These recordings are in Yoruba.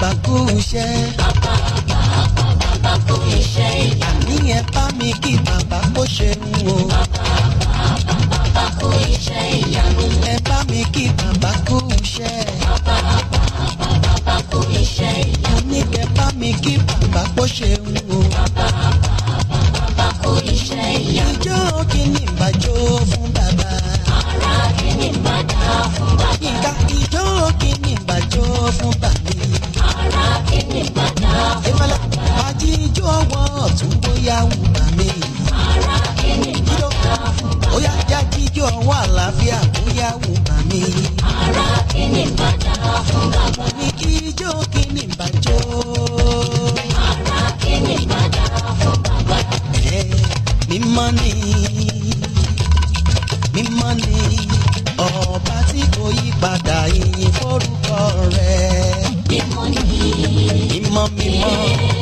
bàbá kú iṣẹ́. bàbá bàbá bàbá kú iṣẹ́ ìyá. àní bá mi kí bàbá kó ṣeun o. bàbá bàbá kú iṣẹ́ ìyá. ẹ bá mi kí bàbá kú iṣẹ́. bàbá bàbá bàbá kú iṣẹ́ ìyá. àní bá mi kí bàbá kó ṣeun. ọwọ́ ọ̀tún bóyá wù ara kí ni bàtà fún bàtà. bóyá jákèjì ọwọ́ àlàáfíà bóyá wù ara kí ni bàtà fún bàbá. ní kí ijó kí bàjọ́. ara kí ni bàtà fún bàbá. ẹ mímọ́ ni mímọ́ ni ọba tí kò yí padà ìyìn forúkọ rẹ̀. mímọ́ mímọ́ mímọ́.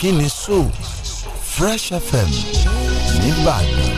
kí ni so Fresh FM nìbàdàn.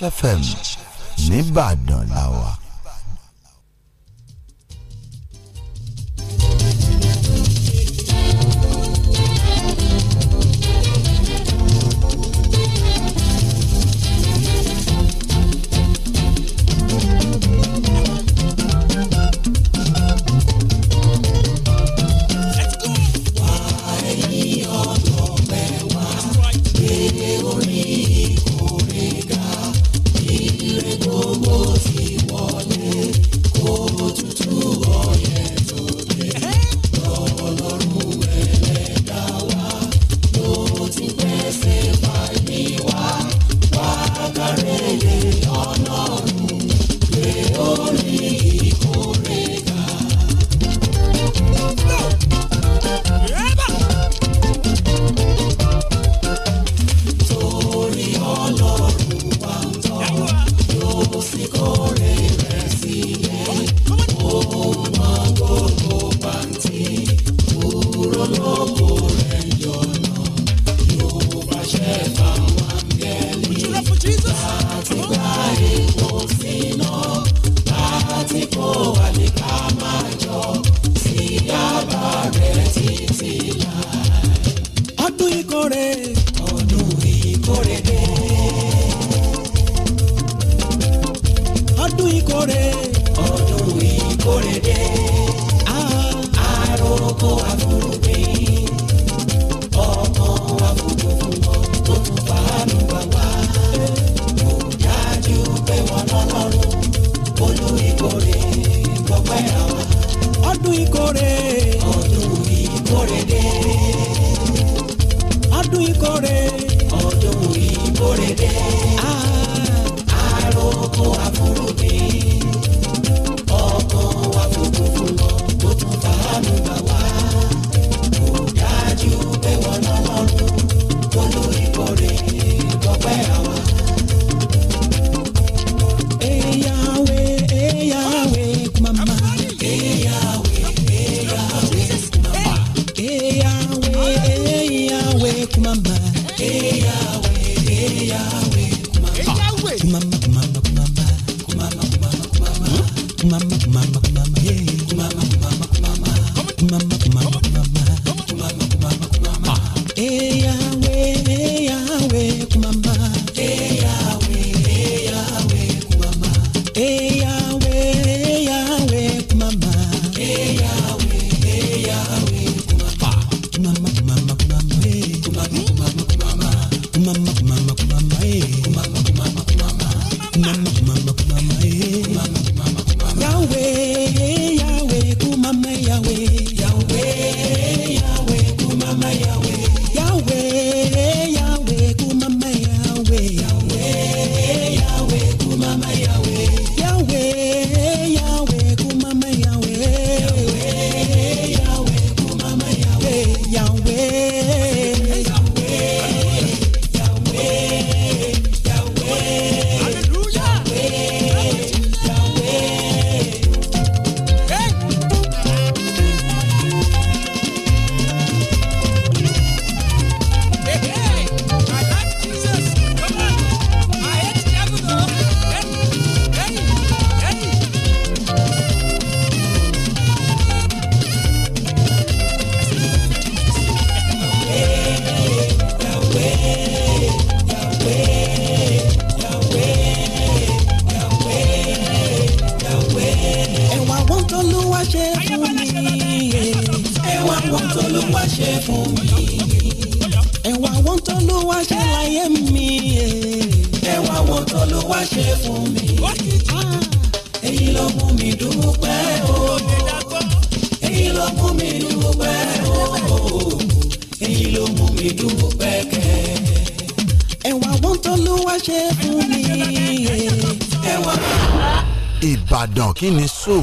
fresh fm nìbàdàn ẹ wá wọn tó ló wá ṣe fún mi ẹ wá wọn tó ló wá ṣe láyé mi ẹ wá wọn tó ló wá ṣe fún mi èyí ló mú mi dúpẹ́ o èyí ló mú mi dúpẹ́ o èyí ló mú mi dúpẹ́ kẹ́ ẹ wá wọn tó ló wá ṣe fún mi. Ìbàdàn kí ni sóò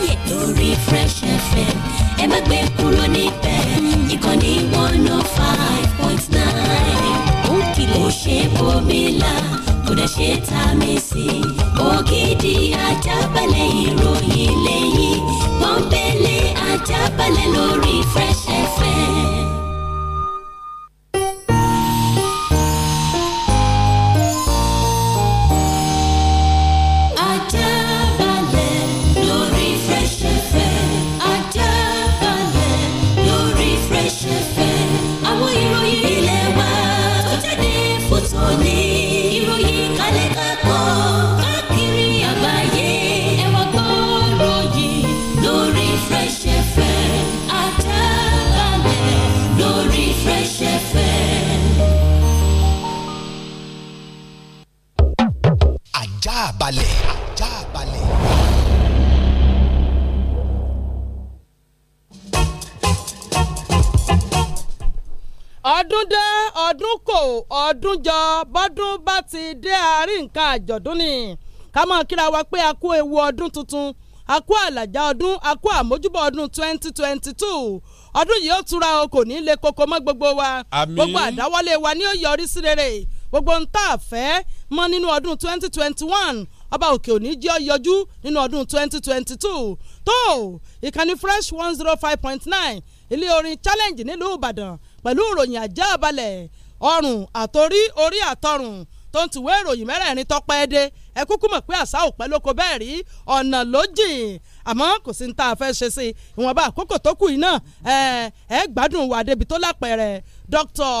yẹ. lórí Fresh FM ẹ má gbé kúrò níbẹ̀ ìkànnì one oh five point nine. ó kìlẹ̀ ó ṣe bòmílà kódà ṣe tá a mi sí. ògidì ajábalẹ̀ ìròyìn lẹ́yìn pọ́npẹ́lẹ́ ajábalẹ̀ lórí Fresh FM. ti dé àárín nǹkan àjọ̀dún ni ká máa kíra wa pé a kú ewu ọdún tuntun a kú ọdún a kú ọdún twenty ọdún yìí tura o kò ní le koko mọ́ gbogbo wa gbogbo àdáwọlé wa ni ó yọrí rere gbogbo ń tà mọ́ nínú ọdún twenty ọba òkè òní jẹ́ nínú ọdún twenty tó ìkànnì fresh one zero oh orin challenge nílùú ìbàdàn pẹ̀lú ìròyìn àjẹ́ àbálẹ̀ ọrùn àtòrí orí àtọrùn tó ń tìwé ìròyìn mẹ́rẹ̀ẹ̀rin tọpẹ́ dé ẹ kúkú mọ̀ pé àṣà ò pẹ́ lóko bẹ́ẹ̀ rí ọ̀nà ló jìn àmọ́ kò sí ní tá a fẹ́ ṣe sí ìwọ̀nba àkókò tó kù yìí náà ẹ gbádùn wà débi tó lápẹ̀rẹ̀ Dr.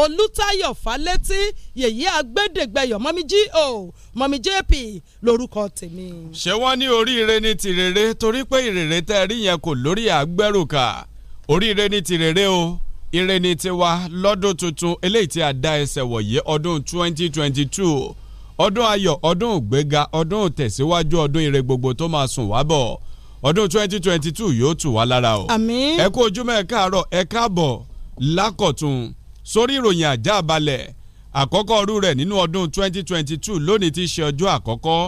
Olùtayọ̀ Fálétí yèyí agbẹ́dẹ́gbẹ́yọ̀ mọ́mí G.O. mọ́mí J.P. lórúkọ tèmi. ṣé wọ́n ní oríire ní tìrèrè torí pé ìrèrè tẹ́ rí yẹn kò lórí àgbẹ̀rù kà oríire ní tìrèrè o ire ni tiwa lọ́dún tuntun eléyìí tí a dá ẹsẹ̀ wọ̀nyí ọdún 2022 ọdún ayọ̀ ọdún ògbéga ọdún òtẹ̀síwájú ọdún ire gbogbo tó máa sùn wá bọ̀ ọdún 2022 yóò tù wá lára o. àmín. ẹ kú ojúmọ́ ẹ káàárọ̀ ẹ káàbọ̀ lákọ̀tún sórí ìròyìn àjà balẹ̀ àkọ́kọ́ ọdún rẹ̀ nínú ọdún 2022 lónìí ti ṣe ọjọ́ àkọ́kọ́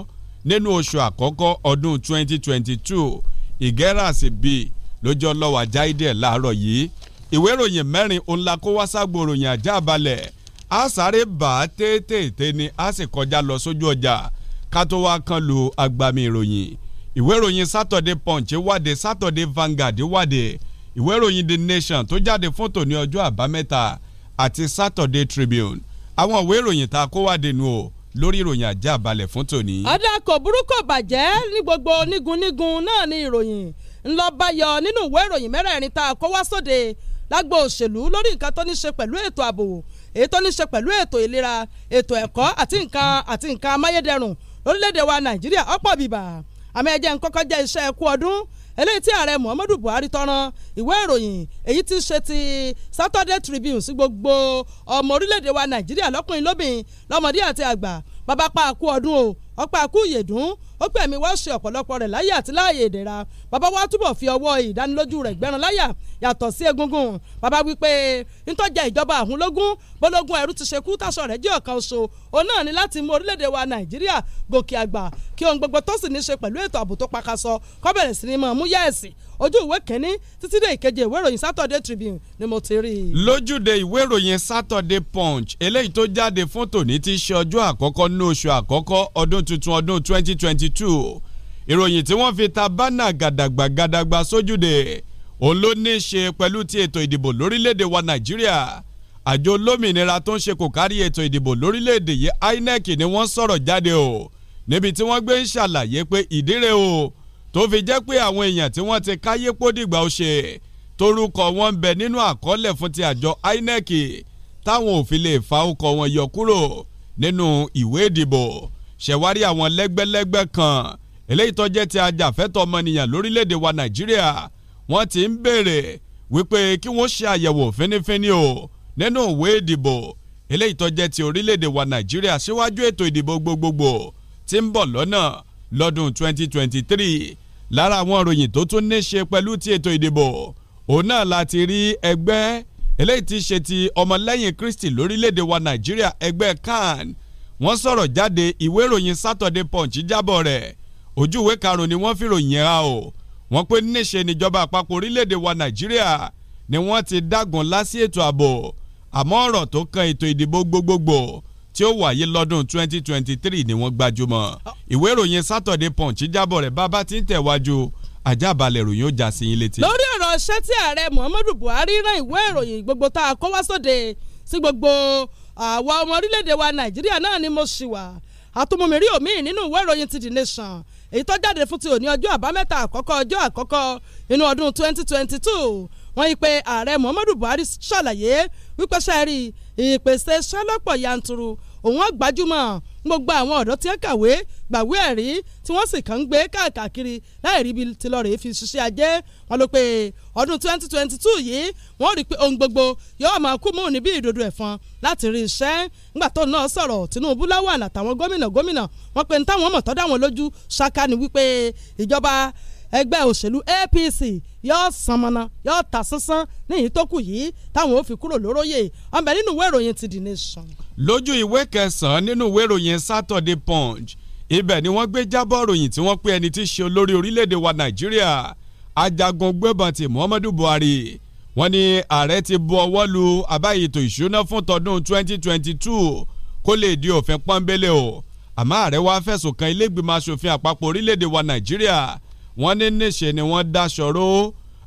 nínú oṣù àkọ́kọ́ ọdún 2022 ìgẹ́ràsì bíi lójọ́ lọ́wọ́ àjáìdẹ̀ láàárọ̀ yìí ìwé ìròyìn mẹ́rin òun la kó wá ságbo ìròyìn ajá balẹ̀ a sáré bá a tètè ni a sì kọjá lọ sójú ọjà ká tó wá kan lu agbami ìròyìn ìwé ìròyìn Saturday Punch wáde Saturday Vanguard wáde ìwé ìròyìn The Nation tó jáde fún tòní ọjọ́ àbámẹ́ta àti Saturday Tribune àwọn ìwé ìròyìn tá a kó wáde nu o lórí ìròyìn ajá balẹ̀ fún tòní. ọ̀dà kò burúkú bàjẹ́ ní gbogbo onígun nígun náà ni ìròyìn ńlọ bá yọ nínú ìwé ìròyìn mẹ́rẹ̀ẹ̀rin tá kó wá sóde lágbo òṣèlú lórí nǹkan tó ní ṣe pẹ̀lú ètò ààbò èyí tó ní ṣe pẹ̀lú ètò ìlera ètò ẹ̀kọ́ àti nǹkan àti nǹkan amáyédẹrùn lórílẹ̀‐èdè wa nàìjíríà ọ̀pọ̀ bìbà àmì ẹ̀jẹ̀ ń kọ́kọ́ jẹ́ iṣẹ́ ẹ̀kú ọdún eléyìí tí ààrẹ muhammadu buhari tọrọ ìwé ìròyìn èyí tí ṣe ti saturday tribune sí gbogbo ọmọ orílẹ̀-èdè wa nàìjíríà lọ́kùnrin lóbìn lọ́mọdé àti àgbà bàbá pa àkú ọdún o ọ̀pá àkú ìyèdún ó gbẹ̀mí wá ṣe ọ̀pọ̀lọpọ̀ rẹ̀ láyé àti láàyè ìdẹ̀ra bàbá wa túbọ̀ fi ọwọ́ ìdánilójú rẹ̀ gbẹ́ran láyà yàtọ̀ sí egungun bàbá wípé nítọ́jà ìjọba àhún lógún bólógún ẹ̀rú ti ṣekú táṣọ rẹ̀ jẹ́ ọ̀kan oṣù òun náà ni láti mú orílẹ̀-èdè wa Nàìjíríà gòkè àgbà kí ohun gbogbo tó sì ní ṣe pẹ̀lú ètò ààbò tó pakasọ kó bẹ̀rẹ̀ sí ni máa mú yẹ̀ẹ̀sì ojú ìwé kẹ́ni títí dé ìkeje ìwé ìròyìn Saturday Tribune ni mo ti rí i. lójúde ìwé ìròyìn Saturday Punch eléyìí tó jáde fún tòní ti ṣe ọjọ́ àkọ́kọ́ ní oṣù àkọ́kọ́ ọdún tuntun ọdún 2022 ìròyìn tí wọ́n fi ta bánà gàdàgbà gàdàgbà sójúde òun ló ní í ṣe pẹ̀lú ti ètò ìdìbò lórílẹ̀‐èdè wa Nàìjíríà àjọ olómìnira tó ń ṣe kò kárí ètò ìdìbò lórílẹ̀‐èdè yìí INEC ni wọ́n sọ̀rọ̀ jáde o níbi tí wọ́n gbé ń ṣàlàyé pé ìdíre o tó fi jẹ́ pé àwọn èèyàn tí wọ́n ti káyé pódìgbà ó ṣe torúkọ wọn ń bẹ nínú àkọọ́lẹ̀ fún ti àjọ INEC táwọn ò lè fa ọkọ̀ wọn yọ kúrò nínú ìwé ìdìbò ṣẹ̀wárí àwọn lẹ́gbẹ́lẹ́gbẹ́ kan eléyìí tó jẹ́ ti ajàfẹ́tọ̀ ọmọnìyàn lórílẹ̀‐èdè wa Nàìjíríà wọ́n ti ń béèrè wípé kí wọ́n ṣe àyẹ̀wò fínífíní o nínú ìwé ìdìbò eléyìí tó jẹ́ ti orílẹ̀‐èdè wa Nàìjíríà síwájú ètò ìdìbò gbogbogbò tí ń bọ̀ lọ́nà lọ́dún 2023 lára àwọn ìròyìn tó tún ní ṣe pẹ̀lú ti ètò ìdìbò òun náà láti rí ẹgbẹ́ eléyìí ti ṣe ti ọmọlẹ́yìn Kristi lórílẹ̀‐èdè wa Nàìjíríà ẹgbẹ́ CAN wọ́n sọ̀rọ̀ jáde ìwé ìròyìn Saturday Punch jábọ̀ rẹ̀ ojú ìwé karùn-ún ni wọ́n fi ròyìn ha o wọ́n pé níṣe níjọba àpapọ̀ orílẹ̀‐èdè wa Nàìjíríà ni wọ́n ti dágun lásì ètò ààbò àmọ́ ọ̀rọ̀ tó kan ètò ìdìbò gbogbogbò tí ó wáyé lọ́dún 2023 ni wọ́n gbajúmọ̀ ìwé ìròyìn Saturday Punch jábọ̀ rẹ̀ bá bá ti ń tẹ̀wájú àjábalẹ̀ ìròyìn ó já sí yín létí. lórí ọ̀rọ̀ iṣẹ́ tí ààrẹ Muhammadu Buhari rán ìwé ìròyìn gbogbo tá a kó wá sóde sí gbogbo àwa ọmọ orílẹ̀-èdè wa Nàìjíríà náà ni mo ṣì wà àtúmọ̀mìrí òmíì nínú ìwé ìròyìn ti The Nation èyí tó jáde fún ti òní ọjọ́ àbámẹ́ta àkọ́kọ́ ọjọ́ àkọ́kọ́ inú ọdún 2022 wọ́n yí pé ààrẹ Muhammadu Buhari ṣàlàyé wípé ṣe ìpèsè iṣẹ́ lọ́pọ̀ yanturu òun àgbájúmọ̀ gbogbo àwọn ọ̀dọ́ tí ń kàwé gbàwé ẹ̀rí tí wọ́n sì kàn ń gbé káàkiri láì rí ibi tí lọ́ọ́ rèé fi ajé wọn ló pé ọdún 2022 yìí wọ́n rí i pé ohun gbogbo yóò máa kú mọ́ níbi ìdodo ẹ̀fọn láti rí iṣẹ́ nígbà tó náà sọ̀rọ̀ Tinubu láwọn àtàwọn gómìnà gómìnà wọn pe ní táwọn mọ̀tọ́ dáwọn lójú ṣáká ni wípé ìjọba ẹgbẹ́ òṣèlú APC yóò san mọ́nà yóò ta sánsán níyìn tó kù yìí táwọn ò fi kúrò lóróyè ọmọbẹ nínú ìwé ìròyìn ti The Nation. lójú ìwé kẹsàn nínú ìwé ìròyìn Saturday Punch ibẹ̀ ni wọ́n gbé jábọ̀ ìròyìn tí wọ́n pé ẹni tí í ṣe olórí orílẹ̀-èdè wa Nàìjíríà ajagun gbébọn ti Muhammadu Buhari wọ́n ní ààrẹ ti bu ọwọ́ lu àbá ètò ìṣúná fún tọdún 2022 kó lè di òfin pọ́nbélé o àmọ́ ààrẹ wa fẹ̀sùn kan ilé ìgbìmọ̀ asòfin àpapọ̀ orílẹ̀-èdè wa Nàìjíríà wọ́n ní níṣe ni wọ́n dáṣọró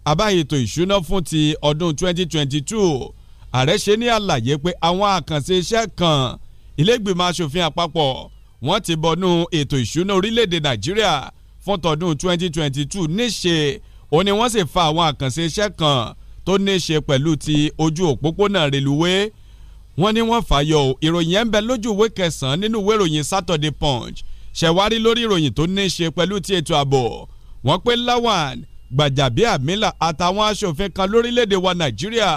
àbá ètò ìṣúná fún ti ọdún 2022 ààrẹ ṣe ní àlàyé pé àwọn àkànṣe iṣẹ́ kan ilégbìmọ̀ asòfin àpapọ̀ wọ́n ti bọnú ètò ìṣúná orílẹ̀-èdè nàìjíríà fún tọdún 2022 níṣe ó ní wọ́n sì fa àwọn àkànṣe iṣẹ́ kan tó níṣe pẹ̀lú ti ojú òpópónà reluwé wọ́n ní wọ́n fàyọ ìròyìn ẹ̀ ń bẹ lójú ìwé kẹsàn-án nínú ìwé ìròyìn Saturday Punch ṣẹ̀wárí lórí ìròyìn tó níṣe pẹ̀lú ti ètò ààbò wọ́n pé Lawan Gbàjàbíàmílà àtàwọn aṣòfin kan lórílẹ̀‐èdè wa Nàìjíríà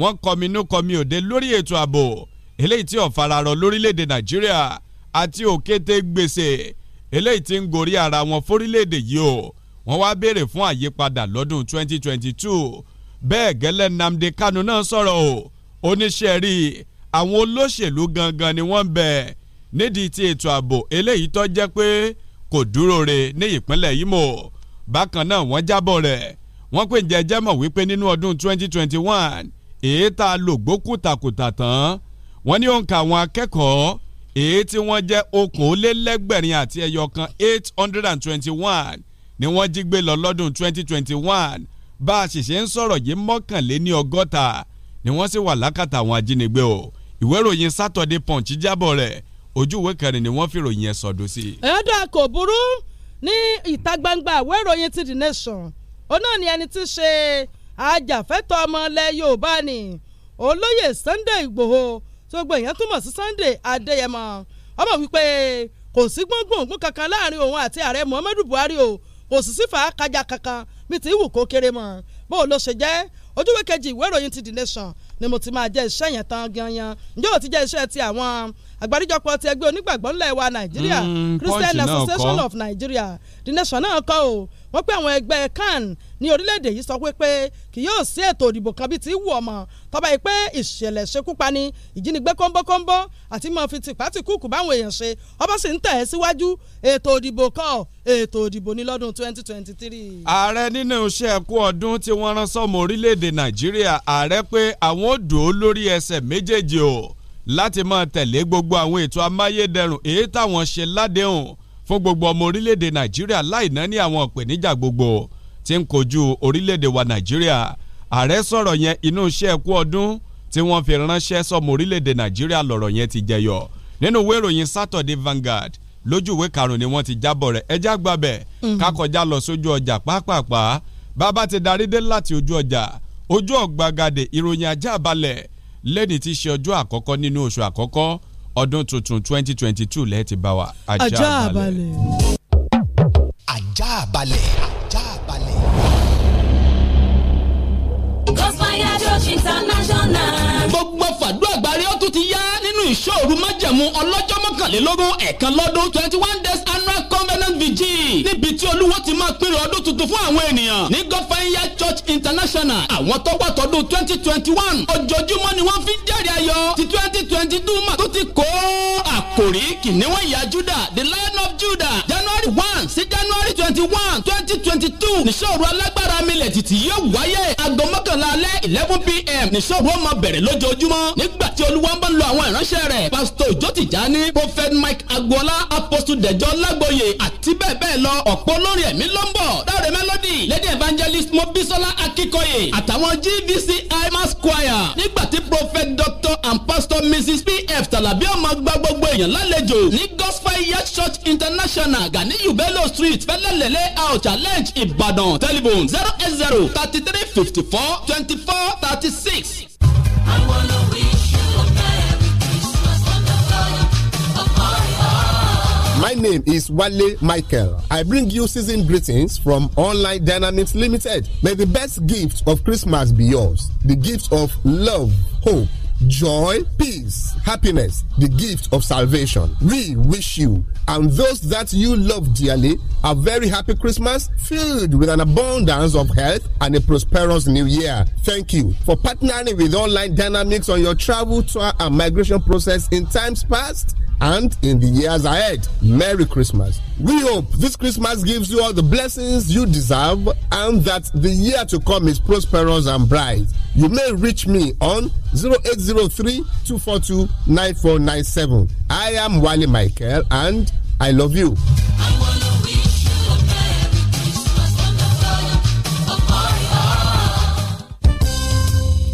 wọ́n kọminú kọmi òde lórí ètò ààbò eléyìí tí ọ̀fararọ lórílẹ̀‐èdè Nàìjíríà àti òkété gbèsè eléyìí tí ń gorí ara wọn fórílẹ̀‐èdè yìí o wọ́n wá béèrè fún àyípadà lọ́dún 2022 bẹ́ẹ̀ gẹ́lẹ́ Nnamdi Kanu náà sọ̀rọ̀ o oníṣẹ́ rí àwọn olóṣèlú gangan ni wọ́n ń nídìí ti ètò ààbò eléyìí tó jẹ́ pé kò dúró re ní ìpínlẹ̀ Imo bákan náà wọ́n jábọ̀ rẹ̀ wọ́n pè jẹ́jẹ́ mọ̀ wípé nínú ọdún 2021 èyí tá a lò gbókùtàkùtà tán wọ́n ní òǹkà àwọn akẹ́kọ̀ọ́ èyí tí wọ́n jẹ́ okòólélẹ́gbẹ̀rin àti ẹyọ 821 ni wọ́n jí gbé lọ lọ́dún 2021 bá a sì ṣe ń sọ̀rọ̀ yìí mọ́kànléní ọgọ́ta ni wọ́n sì wà lákàtà àwọn ajínigbé o ìwé Saturday Punch jábọ̀ rẹ̀ ojú ìwé kẹrin ni wọ́n fìròyìn ẹ̀ sọ̀dọ̀ sí. ẹ̀dà kò burú ní ìta gbangba àwọn ìròyìn ti the nation òun náà ni ẹni tí í ṣe ajàfẹ́tọ̀ ọmọ ilẹ̀ Yorùbá ni olóyè Sunday Ìgbòho tó gbọ́ èèyàn túmọ̀ sí Sunday Adéyẹmọ ọmọ wípé kò sí gbóngbóngbó kankan láàrin òun àti ààrẹ Muhammadu Buhari o kò sì sífà kájà kankan bí ti wù kó kéré mọ́ bó o ló ṣe jẹ́ ojúwé kejì ìwé ìròyìn ti the nation ni mo ti máa jẹ́ iṣẹ́ yẹn tán ganyan ǹjẹ́ ò ti jẹ́ iṣẹ́ ti àwọn àgbáríjọpọ̀ ti ẹgbẹ́ onígbàgbọ́ ńlẹ̀ wa nàìjíríà hmm, Christian Association of Nigeria the nation náà kọ́ o wọ́n pé àwọn ẹgbẹ́ CAN ní orílẹ̀-èdè yìí sọ pé kì yóò sí ètò ìdìbò kan bíi ti wù ọmọ tọ́ba yìí pé ìṣẹ̀lẹ̀ ṣekúpani ìjínigbé kọ́ńbọ́kọ́ńbọ́ àti mọ̀ fi tìpátìkùkù báwọn èèyàn ṣe ọba sì ń tẹ̀ ẹ́ síwájú ètò ìdìbò kan ètò ìdìbò ní lọ́dún 2023. ààrẹ nínú iṣẹ́ ẹ̀kú ọdún tí wọ́n rán sọ́mọ orílẹ̀-èdè nàìjíríà ààrẹ pé àwọn ò dùn ó lórí ẹsẹ̀ méjèèjì o láti máa tẹ̀lé gbogbo àwọn ètò amáyédẹrùn èyí táwọn ṣe ládéhùn fún gbogbo ọmọ orílẹ̀-èdè nàìjíríà láì náání àwọn ìpèníjà gbogbo tí ń kojú orílẹ̀-èdè wa nàìjíríà ààrẹ sọ̀rọ̀ yẹn inú iṣẹ́ ẹ̀kú ọdún tí wọ́n fi ránṣẹ́ sọmọ orílẹ̀-èdè nàìjíríà lọ̀rọ̀ yẹn ti jẹyọ nínú ìwé ìròyìn Saturday Vanguard lójú ìwé karùn-ún ni wọ́n ti jábọ̀ rẹ̀ ẹjá gbàbẹ̀ mm-hmm. kákọjá lọ sójú ọjà pàápàá bàbá ti darí dé láti ojú ọjà ojú ọ̀gbagadè ìròyìn ajá balẹ̀ lẹ́ni tí í ṣe ọjọ́ àkọ́kọ́ nínú oṣù àkọ́kọ́ ọdún tuntun twenty twenty two lẹ́ẹ̀ ti bá wa ajá balẹ̀. ajá balẹ̀ ajá balẹ̀. gospel yard international. gbogbo fàdúrà gbàrí ó tún ti yá ìṣòro májẹ̀mú ọlọ́jọ́ mọ́kànlélógún ẹ̀kan lọ́dún twenty one days annual covenant vigil níbi tí olúwo ti máa pínrẹ̀ ọdún tuntun fún àwọn ènìyàn ní gọ́fàáyà church international àwọn tọ́gbà tọdún twenty twenty one ojoojúmọ́ ni wọ́n fi ń jẹ́rìí ayọ̀ ti twenty twenty two mà tó ti kó àkòrí kìnìún ìyá judah the lion of judah january one sí january twenty one twenty twenty two níṣòro alágbára milẹ̀ títì yóò wáyé aago mọ́kànlá alẹ́ eleven pm níṣòro ọmọ bẹ̀rẹ̀ lójoojúmọ́ nígbà tí olúwa ń bá ń lo àwọn ìránṣẹ́ rẹ̀ pásítọ̀ Òjó Tìjání prophet Mike Agboola apostle Dẹ̀jọ́ Lágbóyè àti bẹ́ẹ̀ bẹ́ẹ̀ lọ ọ̀pọ̀ olórin ẹ̀mí ló ń bọ̀ Dáre Melody lady evangelist Mobisola Akíkọ̀yè àtàwọn GVCI mass choir nígbà tí prophet doctor and pastor mrs pf tàlàbí ọmọ gba gbogbo èèyàn lálejò ní gospel yacht church international ganiyu bello street fẹlẹlẹlẹ out challenge ìbàdàn telephone zero eight zero thirty three fifty four twenty four thirty six. My name is Wale Michael. I bring you season greetings from Online Dynamics Limited. May the best gift of Christmas be yours the gift of love, hope joy, peace, happiness, the gift of salvation. We wish you and those that you love dearly a very happy Christmas filled with an abundance of health and a prosperous new year. Thank you for partnering with Online Dynamics on your travel, tour, and migration process in times past and in the years ahead. Merry Christmas. We hope this Christmas gives you all the blessings you deserve and that the year to come is prosperous and bright. You may reach me on 080 zero three two four two nine four nine seven. I am Wale Michael and I love you. I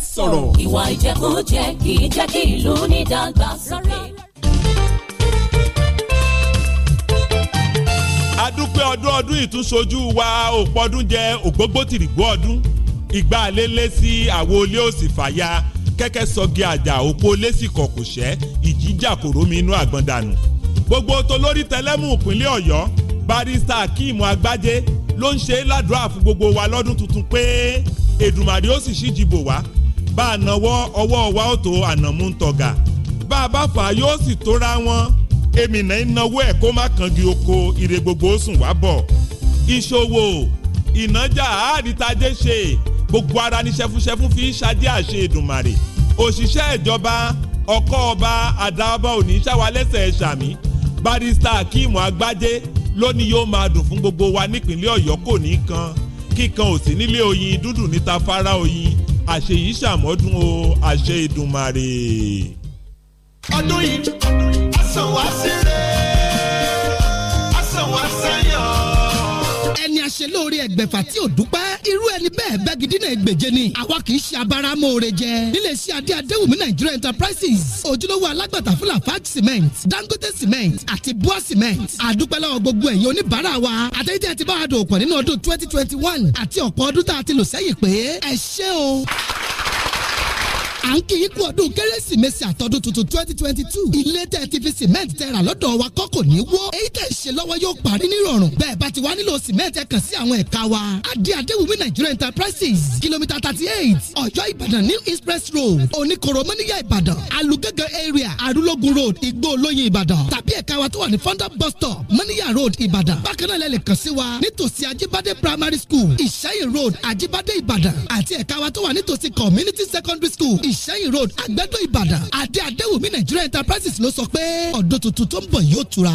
sọ̀rọ̀. ìwà ìjẹkújẹ kì í jẹ́ kí ìlú ní ìdàgbàsókè. a dúpẹ́ ọdún ọdún ìtúnṣojú wa òpó ọdún jẹ ògbógbó tìrìgbó ọdún ìgbà lélẹ̀ sí àwo ilé òsì fàya kẹ́kẹ́ sọgi àjà òpó lẹ́sìkọ̀ kò ìjíjà kòró inú àgbọn dànù gbogbo tolórí tẹlẹ́mù ìpínlẹ̀ ọ̀yọ́ barista akeem agbájé ló ń ṣe ládùúrà fún gbogbo wa lọ́dún tuntun pé Èdùmàrè ó sì ṣíjì wá bá a nàwọ́ ọwọ́ wa ó tó ànàmú tọ̀gà bá a bá fà á yóò sì tóra wọn èmi náà ń nawó ẹ̀ kó má kangi oko ire gbogbo ó sùn wá bọ̀ ìṣòwò ìnájà àárítajé ṣe gbogbo ara ní ṣẹfúnṣẹfún fi ń ṣadé àṣe Èdùmàrè òṣìṣẹ́ ìjọba ọkọ ọba àdáọba òní ṣàwálẹ́sẹ̀ ṣàmì barista akeem agbájé lónìí yóò máa dùn fún gbogbo wa nípínlẹ̀ ọ̀yọ́ kò ní kan kíkan ò nílé oyin dúdùn níta fara oyin àṣeyìí ṣàmọ́dún o àṣẹ ìdùnmàrè. ọdún yìí ọsàn wá sílẹ̀ ọsàn wá sẹ́yọ̀. ẹni àṣẹ lóore ẹgbẹ̀fà tí ò dúpẹ́ irú ẹni bẹ́ẹ̀ gbẹ́gidí náà gbèje ni àwa kì í ṣe abáramóore jẹ nílé iṣẹ́ adé adéwùmí Nigeria Enterprises ojúlówó alágbàtà fún Lafarge cement Dangote cement àti Bua cement àdúpẹ́lẹ́ gbogbo ẹ̀yin oníbàárà wa àtẹ̀yẹ́tẹ̀ àti bá a dòkùn nínú ọdún twenty twenty one àti ọ̀pọ̀ ọdún tá a ti lò sẹ́yìn pé ẹ ṣé o à ń kí i kú ọdún kérésìmesì àtọ́dún tuntun twenty twenty two ilé tẹ́ ti fi cement tẹ́ rà lọ́dọ̀ wa kọ́ kò ní wó èyí tẹ́ ṣe lọ́wọ́ yóò parí nírọ̀rùn bẹ́ẹ̀ bá ti wá nílò cement ẹ sí àwọn ẹ̀ka wa adé adéwùmí Nigeria enterprises kìlómítà thirty eight ọ̀yọ́ ìbàdàn new express road oníkoro mọ́níyà ìbàdàn alugẹ́gẹ́ area arúlógún road igbó olóyin ìbàdàn tàbí ẹ̀ka wa tó wà ní fonda bus stop mọ́níyà road ìbàdàn bákan náà lẹ́lẹ̀ kàn sí wa nítòsí ajibade primary school ìṣẹ́yìn road ajibade ìbàdàn àti ẹ̀ka wa tó wà nítòsí community secondary school ìṣẹ́yìn road àgbẹ̀dọ̀ ìbàdàn àdé àdéwòmí nàìjíríà enterprises ló sọ pé ọdún tuntun tó ń bọ̀ yóò tura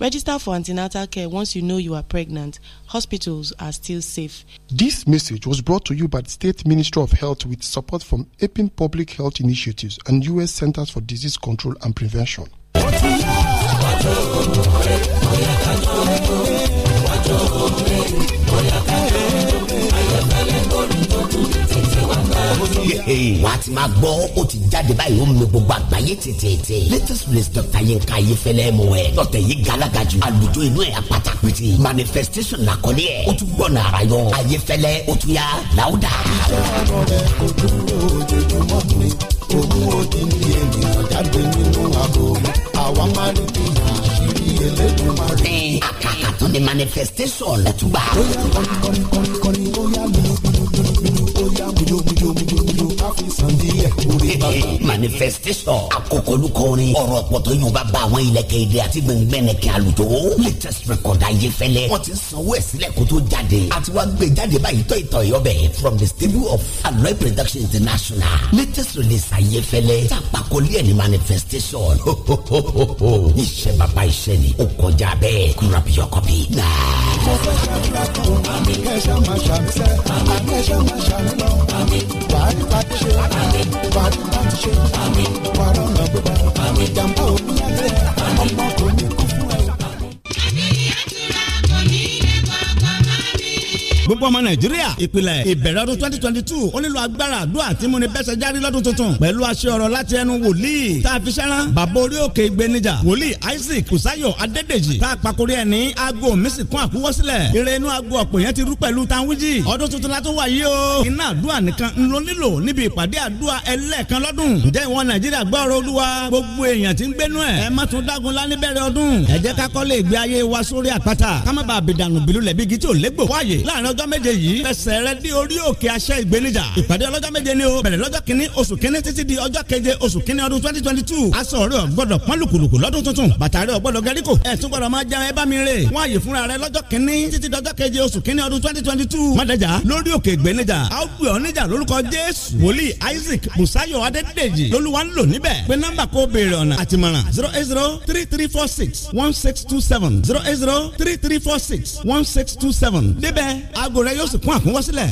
Register for antenatal care once you know you are pregnant. Hospitals are still safe. This message was brought to you by the State Ministry of Health with support from APIN Public Health Initiatives and U.S. Centers for Disease Control and Prevention. wà á ti máa gbọ́ ó ti jáde báyìí ó mi gbogbo àgbáyé tètè. latest place Dr. Yinka Ayefẹ́lẹ́ mọ̀ ẹ́ lọ́tẹ̀ yìí galagaju àlùjọ inú ẹ̀ apáta pété manifestation làkọ́lé ẹ̀ ó tún gbọ́nà ara yọ Ayefẹ́lẹ́ ó tún yá láwùdà. ìṣe ọ̀rọ̀ rẹ̀ kò dúró ojoojúmọ́ mi òun ò ní ènìyàn jáde nínú àbò máa ń àkàkà tó ni manifestation lẹ́tùgbà. ó yá kọ́ni kọ́ni kọ́ni kọ́ni ó yá mi mujo mujo mujo mujo fi san díẹ̀. orí manifestation akọkọlùkọ orin ọ̀rọ̀ pọ̀tọ́ yóò bá bá àwọn ilẹ̀kẹ̀ èdè àti gbẹ̀ngbẹ̀nẹ̀kẹ̀ àlùjọ. latest record ayé fẹ́lẹ́. wọ́n ti sanwó ẹ̀ sílẹ̀ kó tó jáde. àti wàá gbé e jáde báyìí tọ́ ìtọ̀ ẹ̀yọ́ bẹ̀ from the studio of Aloy production international latest release ayé fẹ́lẹ́ tàpákọ́lé ẹ̀ ní manifestation. iṣẹ́ bàbá iṣẹ́ ni ó kọjá bẹ́ẹ̀ grab your copy now ṣe wàrà láti ṣe wàrà ọ̀nà gbígbà ìjàmbá òbí àgbẹ̀ ọmọ kò ní kú. gbogbo ọmọ nàìjíríà ìpìlẹ̀ ìbẹ̀rẹ̀ ọdún twenty twenty two ó nílò agbára àdúrà tí mo ní bẹ́sẹ̀ járí lọ́dún tuntun pẹ̀lú aṣọ ọ̀rọ̀ láti ẹnu wòlíì tá a fi ṣẹ́rán bàbá orí òkè ìgbénijà wòlíì isaac kùsáyọ̀ adédèjì tá a pakori ẹ̀ ní aago mísì kún àkúwọ́sílẹ̀ eré inú aago ọ̀pọ̀ yẹn ti rú pẹ̀lú tanwiji ọdún tuntun la tún wà yìí o iná àdúrà nìkan ń lo nílò níbi ìpàdé àdúrà ẹlẹ́ẹ̀kan lọ́dún ǹjẹ́ ìwọ nàìjíríà gbọ́ ọ̀rọ̀ olúwa gbogbo èèyàn ti ń gbénú ẹ̀ ẹ má tún dágun lá níbẹ̀rẹ̀ ọdún ẹ jẹ́ ká kọ́lé ìgbé ayé wa sórí àpáta ká má bàa bìdànù bìlú lẹ̀bi gidi ò lẹ́gbò wáyé láàrin ọlọ́jọ́ méje yìí fẹsẹ̀ rẹ dé orí òkè aṣẹ́ ìgbénijà ìpàdé ọlọ́jọ́ méje ni o bẹ̀rẹ̀ lọ́jọ́ kínní oṣù kínní títí di ọjọ́ keje oṣù kínní ọdún twenty twenty two aṣọ rẹ gbọ́dọ̀ pọ́n lùkùlùkù lọ́dún tuntun bàtà rẹ gbọ́dọ̀ gẹríkò ẹ tún máa jẹun ẹ bá mi rè wọn àyè fúnra rẹ lọ́jọ́ kínní títí dọjọ́ keje oṣù kínní ọdún twenty twenty two mọdẹjà lórí òkè ìgbénijà a ó lórúkọ jésù wòlíì isaac busayo adédèjì lolúwa ń lò níbẹ̀ pé nọ́mbà kó béèrè ọ̀nà àtìmọ̀ràn zero eight zero three three four six one six two seven zero eight zero three three four six one six two seven níbẹ̀ a aago rẹ yóò sì kún àkúnwọ́ sílẹ̀.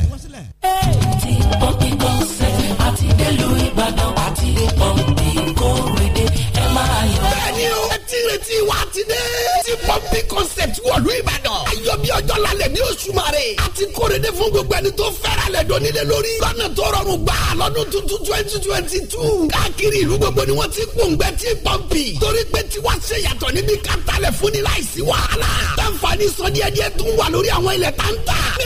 ti pọ́ǹpì kọ́nsẹ̀t àti délùú ìbàdàn àti pọ́ǹpì kórèdè ẹ máa yọ. bẹ́ẹ̀ni o ẹ ti retí wa ti dé. ti pọ́ǹpì concept wọ̀lú ìbàdàn. ayọ̀ bí ọjọ́ lálẹ́ ní oṣù mare. a ti kórèdè fún gbogbo ẹni tó fẹ́ràn lẹ̀ dọ́nílẹ̀ lórí. lọ́nà tó rọrùn gbà lọ́dún tuntun twenty twenty two. káàkiri ìlú gbogbo ni wọ́n ti gbòǹgbẹ́ ti pọ́ǹpì. torí pé tiwa ṣe yàtọ̀ níbi kátalẹ̀ fúnni láìsí wàhálà. táǹfààní sọ díẹ̀díẹ̀ tún wà lórí àwọn ilẹ̀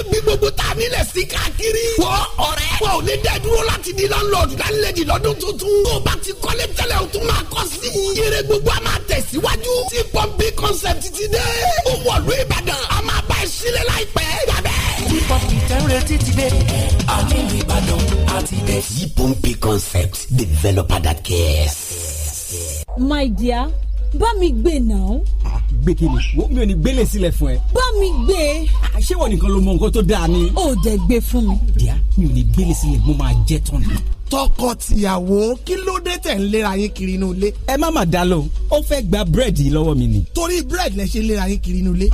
bí gbogbo ta nílẹ̀ sí káàkiri. wọ ọ̀rẹ́. wọn ò ní dẹ́ dúró láti di lọ́nlọ́ọ̀dù lálẹ́dì lọ́dún tuntun. tó o bá ti kọ́lé tẹ́lẹ̀ o tún máa kọ́ sí i. ire gbogbo a máa tẹ̀síwájú. tí pọ́ǹpì concept ti dé. ó wọ̀lú ìbàdàn a máa bá ẹ sílẹ̀ láìpẹ́. gbàgbẹ́. tí pọ́ǹpì tẹ́ ń retí ti dé. a ní ìbàdàn a ti dé. tí pọ́ǹpì concept developer that cares. my dear bá mi gbé náà. Ah, gbé kí ni wo mi ò ní gbélé sílẹ̀ fún ẹ. bá mi gbé. Ah, ṣé wọn nìkan ló mọ nǹkan tó dáa ni. ó dẹ gbé fún mi. díà mi ò ní gbélé sílẹ̀ mo máa jẹ tán ni tọkọ-tìyàwó kí ló dé tẹ̀ ń léra yín kiri inú ilé. ẹ má mà dá lóhùn ó fẹ́ gba búrẹ́dì lọ́wọ́ mi ni. torí búrẹ́dì lẹ ṣe léra yín kiri inú ilé.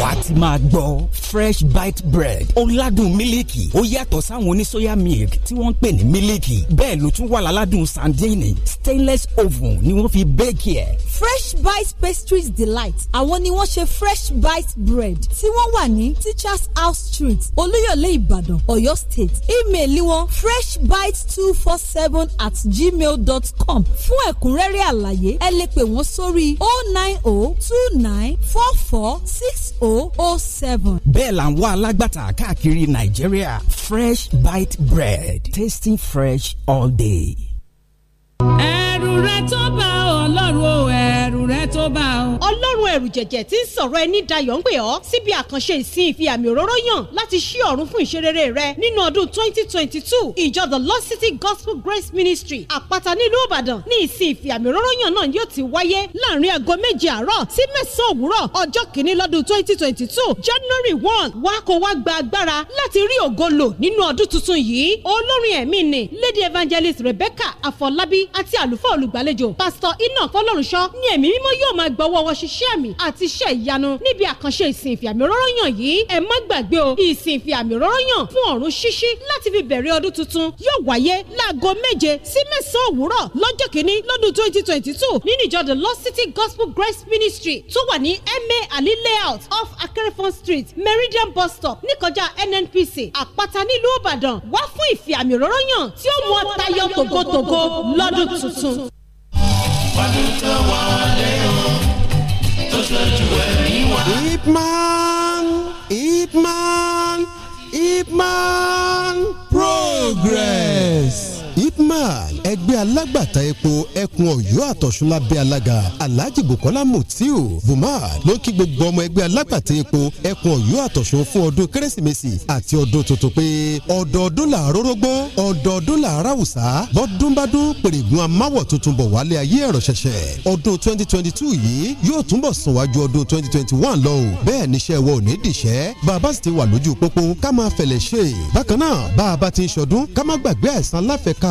wàá ti máa gbọ́ fresh bite bread ó ládùn mílíkì ó yàtọ̀ sáwọn oníṣòyà milk tí wọ́n ń pè ní mílíkì bẹ́ẹ̀ ló tún wà láládùn sandini stainless oven ni wọ́n fi bẹ́ẹ̀kì ẹ̀. fresh bite pastries delight àwọn ni wọ́n ṣe fresh bite bread tí wọ́n wà ní teachers house street olúyọ̀lé ìbàdàn ọ̀yọ́ state email wọn freshbite two four seven at gmail.com. dot com fún ẹ̀kúnrẹ́rẹ́ àlàyé ẹ lè pè wọ́n sórí o oh nine o oh two nine four four six o oh o seven. bẹ́ẹ̀ là ń wá alágbàtà káàkiri nàìjíríà fresh bite bread tasting fresh all day. Hey. Eh ẹ̀rù rẹ tó bá ọ ọlọ́run o ẹ̀rù rẹ tó bá ọ. ọlọ́run ẹ̀rù jẹ̀jẹ̀ tí ń sọ̀rọ̀ ẹni dayọ̀ ń pè ọ́ síbi àkànṣe ìsìn ìfi àmì òróró yàn láti ṣí ọ̀run fún ìṣerere rẹ nínú ọdún twenty ìjọ the lost city gospel grace ministry àpáta nílùú ìbàdàn ní ìsìn ìfi àmì òróró yàn náà yóò ti wáyé láàrin aago méje àárọ̀ sí mẹ́sàn-án òwúrọ̀ ọjọ́ kìíní lọ́dún twenty january one wá kó wá gba agbára láti rí ògo lò nínú ọdún tuntun yìí olórin ẹ̀mí ni lady evangelist rebecca afolabi àti àlùfọ́ àkọ́kọ́ olùgbàlejò pásítọ̀ enoch fọlọ́runṣọ́ ni ẹ̀mí mímọ́ yóò máa gbọ́wọ́ wọ ṣiṣẹ́ mi àti iṣẹ́ ìyanu níbi àkànṣe ìsìn ìfìàmì òróró yàn yìí ẹ má gbàgbé o ìsìn ìfìàmì òróró yàn fún ọ̀run ṣíṣí láti fi bẹ̀rẹ̀ ọdún tuntun yóò wáyé láago méje sí mẹ́sàn-án òwúrọ̀ lọ́jọ́ kìíní lọ́dún twenty twenty two nínú ìjọ the lost city gospel grace ministry tó wà ní ma ali layout off akérèfọ́n street meridian bus stop níkọjá nnpc àpáta nílùú ìbàdàn wá fún ìfìàmì òróró yàn tí ó mú ọ tayọ tògótògó lọ́dún tuntun. Ipman Ipman Ipman progress ipman ẹgbẹ́ alágbàtà epo ẹkùn ọ̀yọ́ àtọ̀ṣun lábẹ́ alága alhaji bukola mutiu bumal ló ń kí gbogbo ọmọ ẹgbẹ́ alágbàtà epo ẹkùn ọ̀yọ́ àtọ̀ṣun fún ọdún kérésìmesì àti ọdún tuntun pé ọdọọdún là rórógbó ọdọọdún là ráwùsá bọ́dúnbádún pèrègùn amáwọ̀ tuntun bọ̀ wálé ayé ẹ̀rọ ṣẹ̀ṣẹ̀ ọdún twenty twenty two yìí yóò túnbọ̀ sùn wájú ọdún twenty twenty one lọ o bẹ́ẹ̀ níṣẹ́ wọ òní dìṣẹ́ bàbá sì ti wà lójú pópó ká máa fẹ̀lẹ̀ ṣe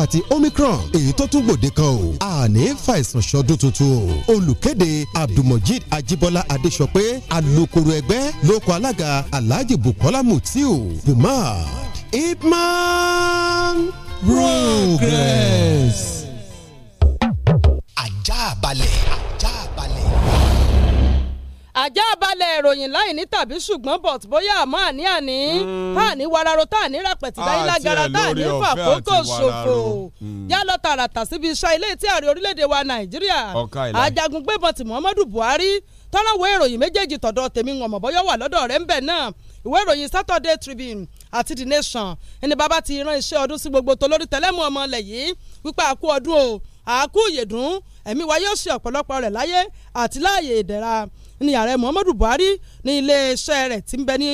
delta àti omicron èyí tó tún gbòde kan o àní fàìsàn ṣọdún tuntun o olùkéde abdulmojid ajibola adesope alukoro ẹgbẹ́ lóko alága alhaji bukola mutiu bumar ipman progress. ajá balẹ̀ àjá balẹ̀ ìròyìn láì ní tàbí ṣùgbọ́n bọ̀t bóyá àmọ́ àní àní hmm. tá à ní wararo tá à ní rẹpẹ̀tì dáyé ah, lágara tá à ní fàkókò ṣòfò hmm. yá lọ tààràtà síbi iṣẹ́ ilé tí ààrẹ orílẹ̀-èdè wa nàìjíríà ajagun gbébọn tí muhammadu buhari tọ́láwọ̀ ìròyìn méjèèjì tọ̀dọ̀ tèmi ọ̀mọ̀ bọ́yọ̀ wà lọ́dọ̀ rẹ̀ ń bẹ̀ náà ìwé ìròyìn Saturday Tribune àti The Nation ẹni bàbá ti ran iṣẹ́ ọdún sí gbogbo tó tẹlẹ́mú ọmọ ilẹ̀ yìí wípé àkú ọdún o àkú ìyèdún ẹ̀mí wa yóò ṣe ọ̀pọ̀lọpọ̀ rẹ̀ láyé àti láàyè ìdẹ̀ra ní ààrẹ muhammadu buhari ní iléeṣẹ́ rẹ̀ tí ń bẹ ní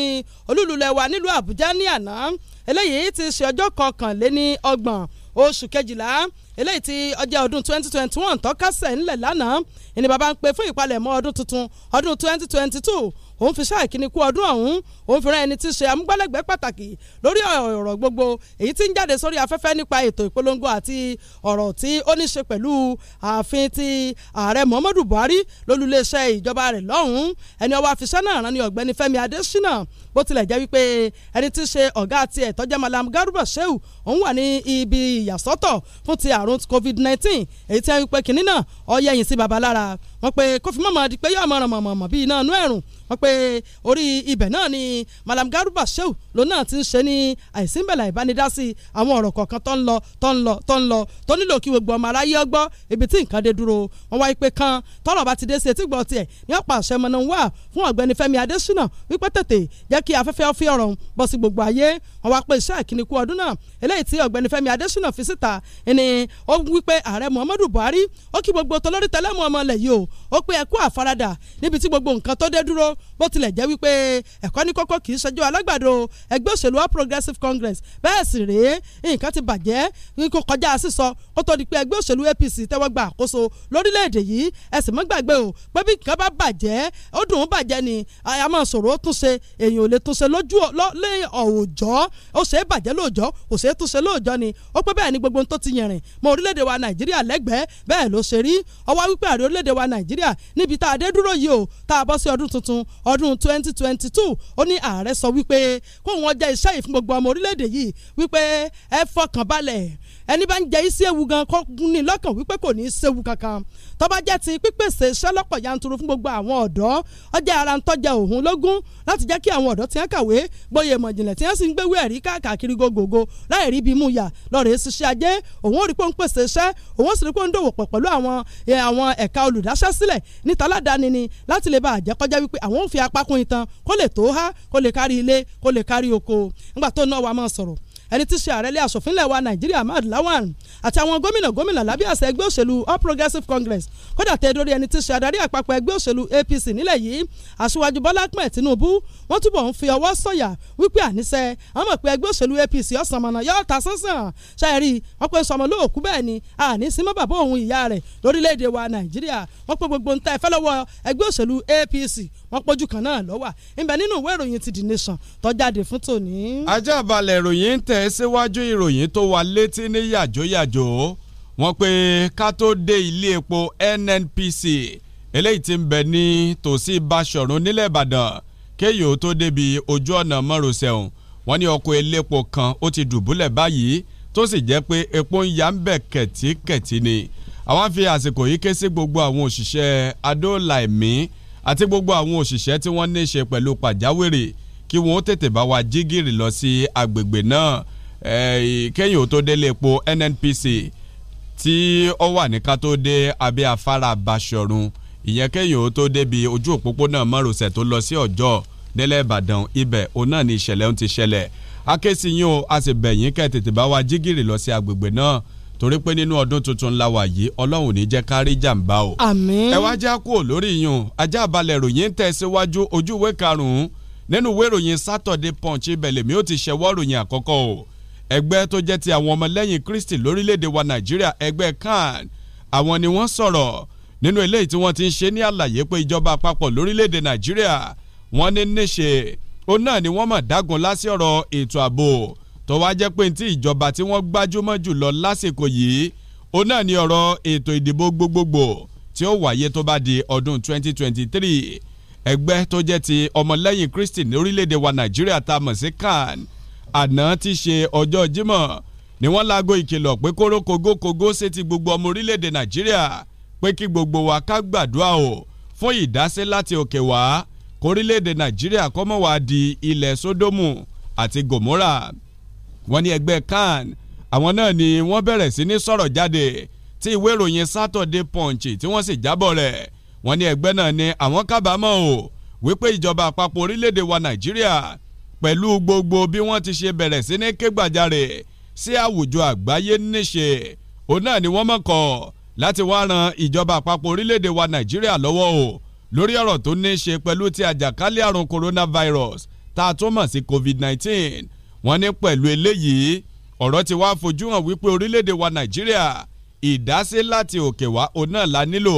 olúlulẹ̀ wa nílùú àbújá ní àná eléyìí ti ṣe ọjọ́ kọkànléní ọgbọ̀n oṣù kejìlá eléyìí ti ọjọ́ ọdún 2021 tọ́kasẹ̀ ńlẹ̀ lánàá ìní bàbá ń pè fún ìpalẹ̀mọ́ ọdún tuntun ọdún 2022 òun fi sáà kíni kú ọdún ọ̀hún òun fi rán ẹni tí ń ṣe amúgbálẹ́gbẹ̀ẹ́ pàtàkì lórí ọ̀rọ̀ gbogbo èyí tí ń jáde sórí afẹ́fẹ́ nípa ètò ìpolongo àti ọ̀rọ̀ tí ó ní ṣe pẹ̀lú ààfin ti ààrẹ Muhammadu Buhari lólùléeṣẹ́ ìjọba rẹ̀ lọ́hùn-ún ẹni ọwọ́ àfiṣẹ́ náà rán ní ọ̀gbẹ́ni Fẹ́mi Adésínà bó tilẹ̀ jẹ́ wípé ẹni tí ń ṣe ọ̀gá tiẹ̀ tó jẹ́ Malam Garba Shehu òun wà ní ibi ìyàsọ́tọ̀ fún ti àrùn COVID-19 èyí tí wọ́n wípé kìnnìún náà ó yẹ̀yìn sí babalára wọ́n pé kófí mọ̀mọ́ di pé yóò mọ̀ràn mọ̀mọ́ bíi iná inú ẹ̀rùn wọ́n pé orí ibẹ̀ náà ni Malam Garuba Shehu lòun náà ti ń ṣe ní àìsínbẹ̀lẹ̀ ìbánidásí àwọn ọ̀rọ̀ kọ̀ọ̀kan tó ń lọ tó ń lọ tó ń lọ tó nílò kí gbogbo ọmọ aráyé ọgbọ́ ibi tí nǹkan dé dúró wọ́n wáyé pé kan tọ́rọ̀ bá ti dé sí etígbọ̀ tiẹ̀ ní ọ̀pọ̀ àṣẹ mọ̀nà wà fún ọ̀gbẹ́ni Fẹ́mi Adésínà wípé tètè jẹ́ kí afẹ́fẹ́ ọ̀fẹ́ ọ̀rọ̀ bọ́ sí gbogbo ayé wọ́n wá pé iṣẹ́ ìkíníkù ọdún náà eléyìí tí ọ̀gbẹ́ni Fẹ́mi Adésínà fi síta ni ó wípé ààrẹ Muhammadu Buhari ó kí gbogbo tolórí tẹlẹ́mú ọmọ ilẹ̀ yìí o ó pé ẹ àfaradà níbi tí gbogbo nǹkan tó dé dúró bó tilẹ̀ jẹ́ wípé ẹ̀kọ́ ní kókó kì í ṣẹjọ́ alágbàdo ẹgbẹ́ òṣèlú All Progressives Congress bẹ́ẹ̀ sì rèé nǹkan ti bàjẹ́ kó kọjá sísọ ó tó di pé ẹgbẹ́ òṣèlú APC tẹ́wọ́ gba àkóso lórílẹ̀‐èdè yìí ẹ sì mọ́ gbàgbé o pé bí nǹkan bá bàjẹ́ ó dùn ún bàjẹ́ ni a máa sọ̀rọ̀ ó túnṣe èèyàn ò lè túnṣe lójú lé òòjọ́ ó ṣe é bàjẹ́ lóòjọ́ kò ṣe é túnṣe lóòjọ́ wa Nàìjíríà lẹ́gbẹ̀ẹ́ bẹ́ẹ̀ ló ṣe rí ọwọ́ wípé wa Nàìjíríà níbi tá a dé dúró yìí ọdún 2022 ó ní ààrẹ sọ wípé kóun ọjà iṣẹ́ yìí fún gbogbo ọmọ orílẹ̀-èdè yìí wípé ẹ fọkàn ẹni bá ń jẹ isi ewu gan kọ́ ní lọ́kàn wípé kò ní í séwu kankan tó bá jẹ́ ti pípèsè iṣẹ́ lọ́pọ̀ yanturu fún gbogbo àwọn ọ̀dọ́ ọjà ara ń tọ́jà òun lógún láti jẹ́ kí àwọn ọ̀dọ́ tí wọ́n kàwé gboyè mọ̀jìnlẹ̀ tí wọ́n sì ń gbéwé ẹ̀rí káàkiri gògògò láì rí ibi mú yà lọ́ọ̀rẹ́ ṣiṣẹ́ ajé òun ò rí pé ń pèsè iṣẹ́ òun sì rí pé ń dòwò pọ̀ pẹ̀lú àwọn eh, ẹ̀ka olùdáṣẹ́sílẹ̀ níta aládàáni ni láti lè bá àjẹkọjá wípé àwọn òun fi apá kún itan kó lè tó há kó lè kárí ilé kó lè kárí oko nígbà tó náà wàá máa sọ̀rọ̀ ẹni tí ṣe ààrẹ ilé asòfin ilẹ̀ wa nàìjíríà ahmad lawan àti àwọn gómìnà gómìnà lábẹ́ àṣẹ ẹgbẹ́ òṣèlú all progressives congress kódà tẹ dórí ẹni tí ṣe adarí àpapọ̀ ẹgbẹ́ òṣèlú apc nílẹ̀ yìí aṣíwájú bọ́lá ahmed tinubu wọ́n túbọ̀ ń fi ọwọ́ sọ̀yà wípé àníṣe àwọn mọ̀ ẹgbẹ́ òṣèlú apc ọ̀sán mọ̀nà yọ ọ̀tà sánsàn ṣáàrí wọ́n pe sọmọ bẹ́ẹ̀ ni àní símọ́ bàbá òun ìyá rẹ̀ lórílẹ̀‐èdè wa nàìjíríà wọ́n pe gbogbo ń ta ẹ̀fẹ́ lọ́wọ́ ẹgbẹ́ òṣèlú apc wọ́n pójú kan náà lọ́wà ńbẹ nínú ìwé ìròyìn ti the nation tó jáde fún tòní. ajá balẹ̀ ìròyìn ń tẹ nílẹ̀ síwájú ìròyìn tó wà létí ní yàjóyàjó wọ́n pé ká tó dé ilé epo NNPC eléyìí tí ń bẹ ní tòsí Báṣọ̀run nílẹ̀ Ìbàdàn kéyò tó débi ojú ọ̀nà mọ́rọ̀sẹ̀ ọ̀hún wọ́n ní ọkọ̀ elépo kan ó ti dùbúlẹ̀ báyìí tó sì jẹ́ pé epo ń yà ń bẹ̀ kẹ̀tíkẹ̀tí ni àwọn fi àsìkò yìí ké sí gbogbo àwọn òṣìṣẹ́ adóòlà ẹ̀mí àti gbogbo àwọn òṣìṣẹ́ tí wọ́n ní í ṣe pẹ̀lú pàjáwìrì kí wọ́n tètè bá wa jí gìrì lọ sí agbègbè náà kẹ́yìn ò tó délé epo NNPC tí ó wà ní ká tó dé abẹ́ afárá Basọ̀run ìyẹn kẹ́yìn ò tó débi ojú òpópónà márosẹ̀ tó lọ sí ọjọ́ délẹ̀ Ìbàdàn ibẹ̀ òun náà ni ìṣẹ̀lẹ̀ ń ti ṣẹlẹ̀ akéésì yín o a sì bẹ̀yìn kẹ́ tètè bá wa jí gìrì lọ sí agbègbè náà torí pé nínú ọdún tuntun la wà yìí ọlọ́run ní jẹ́ ká rí jàǹbá o. àmín. ẹ wá já kúrò lórí yun ajá balẹ̀ ròyìn tẹ̀síwájú ojú ìwé karùn-ún nínú ìwé ìròyìn Saturday Punch ibẹ̀ lèmi ó ti ṣẹwọ́ ìròyìn àkọ́kọ́ o ẹgbẹ́ tó jẹ́ ti àwọn ọmọlẹ́yìn Kristi lórílẹ̀‐èdè wa Nàìjíríà ẹgbẹ́ CAN àwọn ni wọ́n sọ̀rọ̀ nínú eléyìí tí wọ́n ti ń ṣe ní àlàyé pé ìjọba àpapọ̀ lórílẹ̀‐èdè Nàìjíríà wọ́n ní níṣe òun náà ni wọ́n mọ̀ dágun lásì ọ̀rọ̀ ètò ààbò tó wá jẹ́ pé tí ìjọba tí wọ́n gbájúmọ́ jùlọ lásìkò yìí òun náà ni ọ̀rọ̀ ètò ìdìbò gbogbogbò tí ó wáyé tó bá di ọdún 2023 ẹgbẹ́ tó jẹ́ ti ọmọlẹ́yìn Kristi ní orílẹ̀-èdè wa Nàìjíríà tá a mọ̀ sí CAN àná ti ṣe ọjọ́ Jímọ̀ ni wọ́n láago ìkìlọ̀ pé kóró kogó kogó ṣe ti gbogbo ọmọ orílẹ̀-èdè Nàìjíríà pé kí gbogbo wa ká gbàdúrà o fún ìdásí láti òkè wá kórílẹ̀-èdè Nàìjíríà kọ́mọ̀ wá di ilẹ̀ Sódómù àti Gòmórà wọ́n ní ẹgbẹ́ CAN àwọn náà ni wọ́n bẹ̀rẹ̀ sí ní sọ̀rọ̀ jáde tí ìwé ìròyìn Saturday Punch tí wọ́n sì jábọ̀ rẹ̀ wọ́n ní ẹgbẹ́ náà ní àwọn kábàámọ̀ o wípé ìjọba àpapọ̀ orílẹ̀-èdè wa nàìjíríà pẹ̀lú gbogbo bí wọ́n ti ṣe bẹ̀rẹ̀ sí ní kégbàjarè sí àwùjọ àgbáyé níṣe òun náà ni wọ́n mọ̀kọ́ láti wá ran ìjọba àpapọ̀ orílẹ̀-èdè wa nàìjíríà lọ́wọ́ o lórí ọ̀rọ̀ tó ní ṣe pẹ̀lú ti àjàkálẹ̀ àrùn coronavirus tá a tún mọ̀ sí covid-19 wọ́n ní pẹ̀lú eléyìí ọ̀rọ̀ ti wá fojú hàn wípé orílẹ̀-èdè wa nàìjíríà ìdásí láti òkè wá òun náà la nílò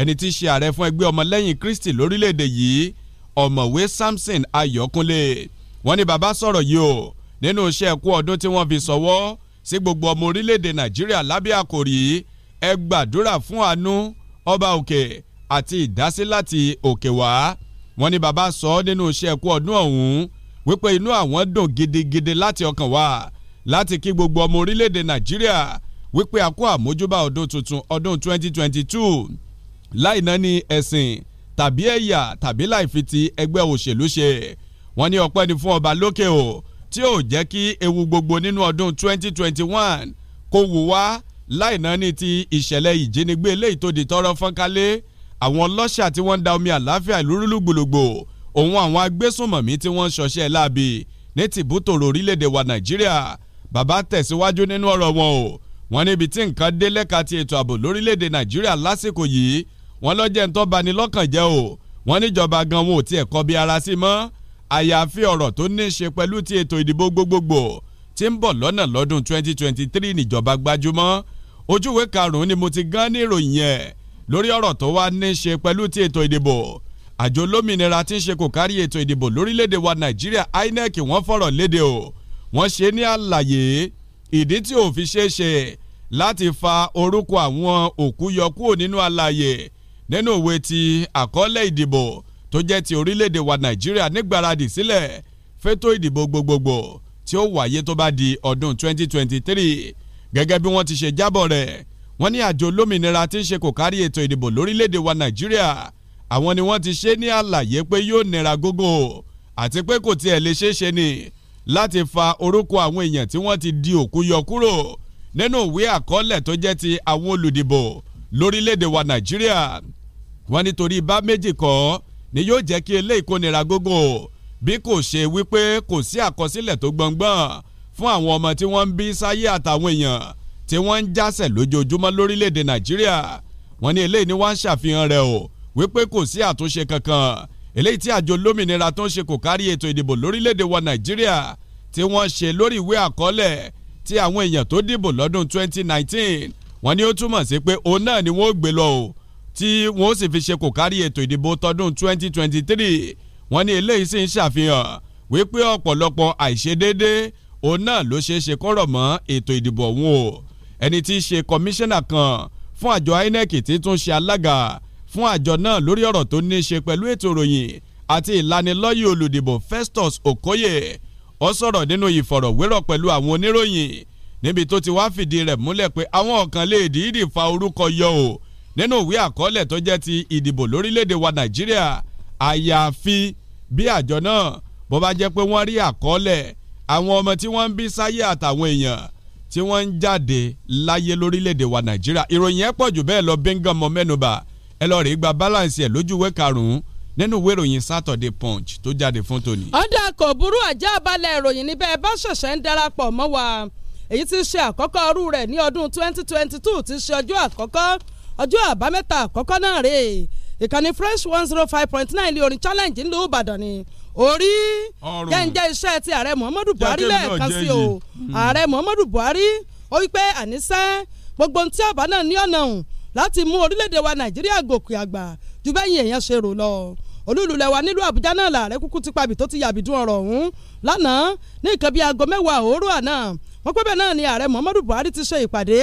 ẹni tí í ṣe ààrẹ fún ẹgbẹ́ ọmọlẹ́yìn Kristi lórílẹ̀‐èdè yìí ọ̀mọ̀wé Samson Ayọ̀kúnlé wọ́n ní bàbá sọ̀rọ̀ yìí o nínú iṣẹ́ ẹ̀kú ọdún tí wọ́n fi sọ̀wọ́ sí gbogbo ọmọ orílẹ̀‐èdè Nàìjíríà lábẹ́ àkòrí ẹ gbàdúrà fún àánú ọba òkè àti ìdásí láti òkè wá wọ́n ní bàbá sọ nínú iṣẹ́ ẹ̀kú ọdún ọ̀hún wípé inú àwọn dùn gidigidi láti ọkàn wá láti kí gbogbo ọmọ orílẹ̀‐èdè Nàìjíríà wípé a kú àmójúbà ọdún tuntun ọdún 2022 láì náà ní ẹ̀sìn tàbí ẹ̀yà tàbí láì fi ti ẹgbẹ́ òṣèlú ṣe wọ́n ní ọpẹ́ ni fún ọba lókè o tí ò jẹ́ kí ewu gbogbo nínú ọdún 2021 kó wù wá láì ní ti ìṣẹ̀lẹ̀ ìjínigbé eléyìí tó di tọ́rọ́ fọ́nkálé àwọn ọlọ́ṣà tí wọ́n ń da omi àláfíà ìlúrúlú gbòlògbò òun àwọn agbésùnmọ̀mí tí wọ́n ń ṣọṣẹ́ láàbì ní tìbútòrò orílẹ̀-èdè wa nàìjíríà bàbá tẹ̀síwájú nínú ọ̀rọ̀ wọn o wọ́n níbi tí nǹkan dé lẹ́ka ti ètò ààbò lórílẹ̀-èdè nàìjíríà lásìkò yìí wọ́n lọ́jẹ́ ń tọ́ba ni lọ́kàn jẹ́ o wọ́n níjọba gan wọn ò tiẹ̀ kọ́ bí ara sí mọ́ àyàfi ọ̀rọ̀ tó ní í ṣe pẹ̀lú ti ètò ìdìbò gbogbogbò tí ń bọ̀ lọ́nà lọ́dún 2023 níjọba gbajúmọ̀ ojúwe karùn-ún ni mo ti gán ní ìròyìn yẹn lórí ọ̀rọ̀ tó wá ní í ṣe pẹ̀lú ti ètò ìdìbò àjọ olómìnira tí ń ṣe kò kárí ètò ìdìbò lórílẹ̀‐èdè wa nàìjíríà inec wọ́n fọ̀rọ̀ léde o wọ́n ṣe ní àlàyé ìdí tí ò fi láti fa orúkọ àwọn òkú yọ nínú àlàyé nínú ìwé ti àkọọ́lẹ̀ ìdìbò tó jẹ́ ti orílẹ̀-èdè wa nàìjíríà nígbàradì sílẹ̀ fẹ́tọ́ ìdìbò gbogbogbò tí ó wáyé tó bá di ọdún 2023 gẹ́gẹ́ bí wọ́n ti ṣe jábọ̀ rẹ̀ wọ́n ní àjọ olómìnira tí ń ṣe kò kárí ètò ìdìbò lórílẹ̀‐èdè wa nàìjíríà àwọn ni wọ́n ti ṣe ní àlàyé pé yóò nira gógó àti pé kò tiẹ̀ lè ṣeé ni láti fa orúkọ àwọn èèyàn tí wọ́n ti di òkú yọ kúrò nínú ìwé àkọọ́lẹ̀ tó jẹ́ ti àwọn olùdìbò lórílẹ̀‐èdè wa nàìjíríà wọ́n nítorí bá méjì kọ́ ni yóò jẹ́ kí eléyìí kó nira gógó bí kò ṣe wípé kò sí àkọsílẹ̀ tó gbọ̀ngbọ̀n fún àwọn ọmọ tí wọ́n ń bí sáyé àtàwọn èèyàn tí wọ́n ń jásẹ̀ lójoojúmọ́ lórílẹ̀ nàìjíríà wọ́n ní eléyìí ni wọ́n ń ṣàfihàn rẹ̀ o wípé kò sí àtúnṣe kankan eléyìí tí àjọ lómìnira tó ń ṣe kò kárí ètò ìdìbò lórílẹ̀‐èdè wa nàìjíríà tí wọ́n ṣe lórí ìwé àkọọ́lẹ̀ tí àwọn èèyàn tó dìbò lọ́dún 2019 wọ́n ní ó túmọ̀ sí pé òun náà ni wọ́n ó gbé lọ o tí wọ́n ó sì fi ṣe kò kárí ètò ìdìbò tọdún 2023 wọ́n ní eléyìí sì ń ṣàfihàn wípé ọ̀pọ̀lọpọ̀ àìṣedéédé òun náà ló ṣeé ṣe kọ́rọ̀ mọ́ ètò ìdìbò ọ̀hún o ẹni tí í ṣe kọmíṣánná kan fún àjọ INEC tí tún ṣe alága fún àjọ náà lórí ọ̀rọ̀ tó ní í ṣe pẹ̀lú ètò ìròyìn àti ìlanilọ́yẹ̀ olùdìbò Festus Okoye ó sọ̀rọ̀ nínú ìfọ̀rọ̀wérọ̀ pẹ̀lú àwọn oníròyìn níbi tó ti wá fìdí rẹ̀ múlẹ̀ pé àwọn ọ̀kan lè dìídì fa orúkọ yọ o nínú ìwé àkọọ́lẹ̀ tó jẹ́ ti ìdìbò lórílẹ̀‐èdè wa nàìjíríà àyàfi bí àjọ náà bó bá jẹ́ pé wọ́n rí àkọọ́lẹ̀ àwọn ọmọ tí wọ́n ń bí sáyé àtàwọn èèyàn tí wọ́n ń jáde láyé lórílẹ̀‐èdè wa nàìjíríà ìròyìn ẹ̀ pọ̀ jù bẹ́ẹ̀ lọ bíngàn mọ́ mẹ́nuba ẹ lọ rèé gba balance ẹ̀ lójú ìwé karùn-ún nínú ìwé ìròyìn Saturday Punch tó jáde fún tòní. ọ̀dà kò burú àjẹ́ àbálẹ̀ ìròyìn níbẹ̀ bá ṣẹ̀ṣẹ̀ ń darapọ̀ mọ́ wa èyí tí ṣe àkọ́kọ́ ọrú rẹ̀ ní ọdún 2022 tí ṣe ọjọ́ àkọ́kọ́ ọjọ́ àbámẹ́ta àkọ́kọ́ náà rè é ìkànnì fresh one zero five point nine ilé orin challenge ńlú ìbàdàn ni orí jẹ́ǹjẹ́ iṣẹ́ ti ààrẹ muhammadu buhari lẹ́ẹ̀kan sí o hmm. ààrẹ muhammadu buhari ó wí pé àníṣe gbogbo ntí àbá náà ní ọ̀nà òun láti mú orílẹ̀-èdè wa nàìjíríà gòkè àgbà ju bẹ́yìn èèyàn ṣe rò lọ olúlulẹ̀ wa nílùú àbújá náà làárẹ̀ kúkú ti pabì tó ti yàbìdún ọ̀rọ̀ ọ̀hún lánàá ní nǹkan bíi aago mẹ́wàá òórùn àná wọ́n pẹ́ bẹ́ẹ̀ náà ni ààrẹ Muhammadu Buhari ti ṣe ìpàdé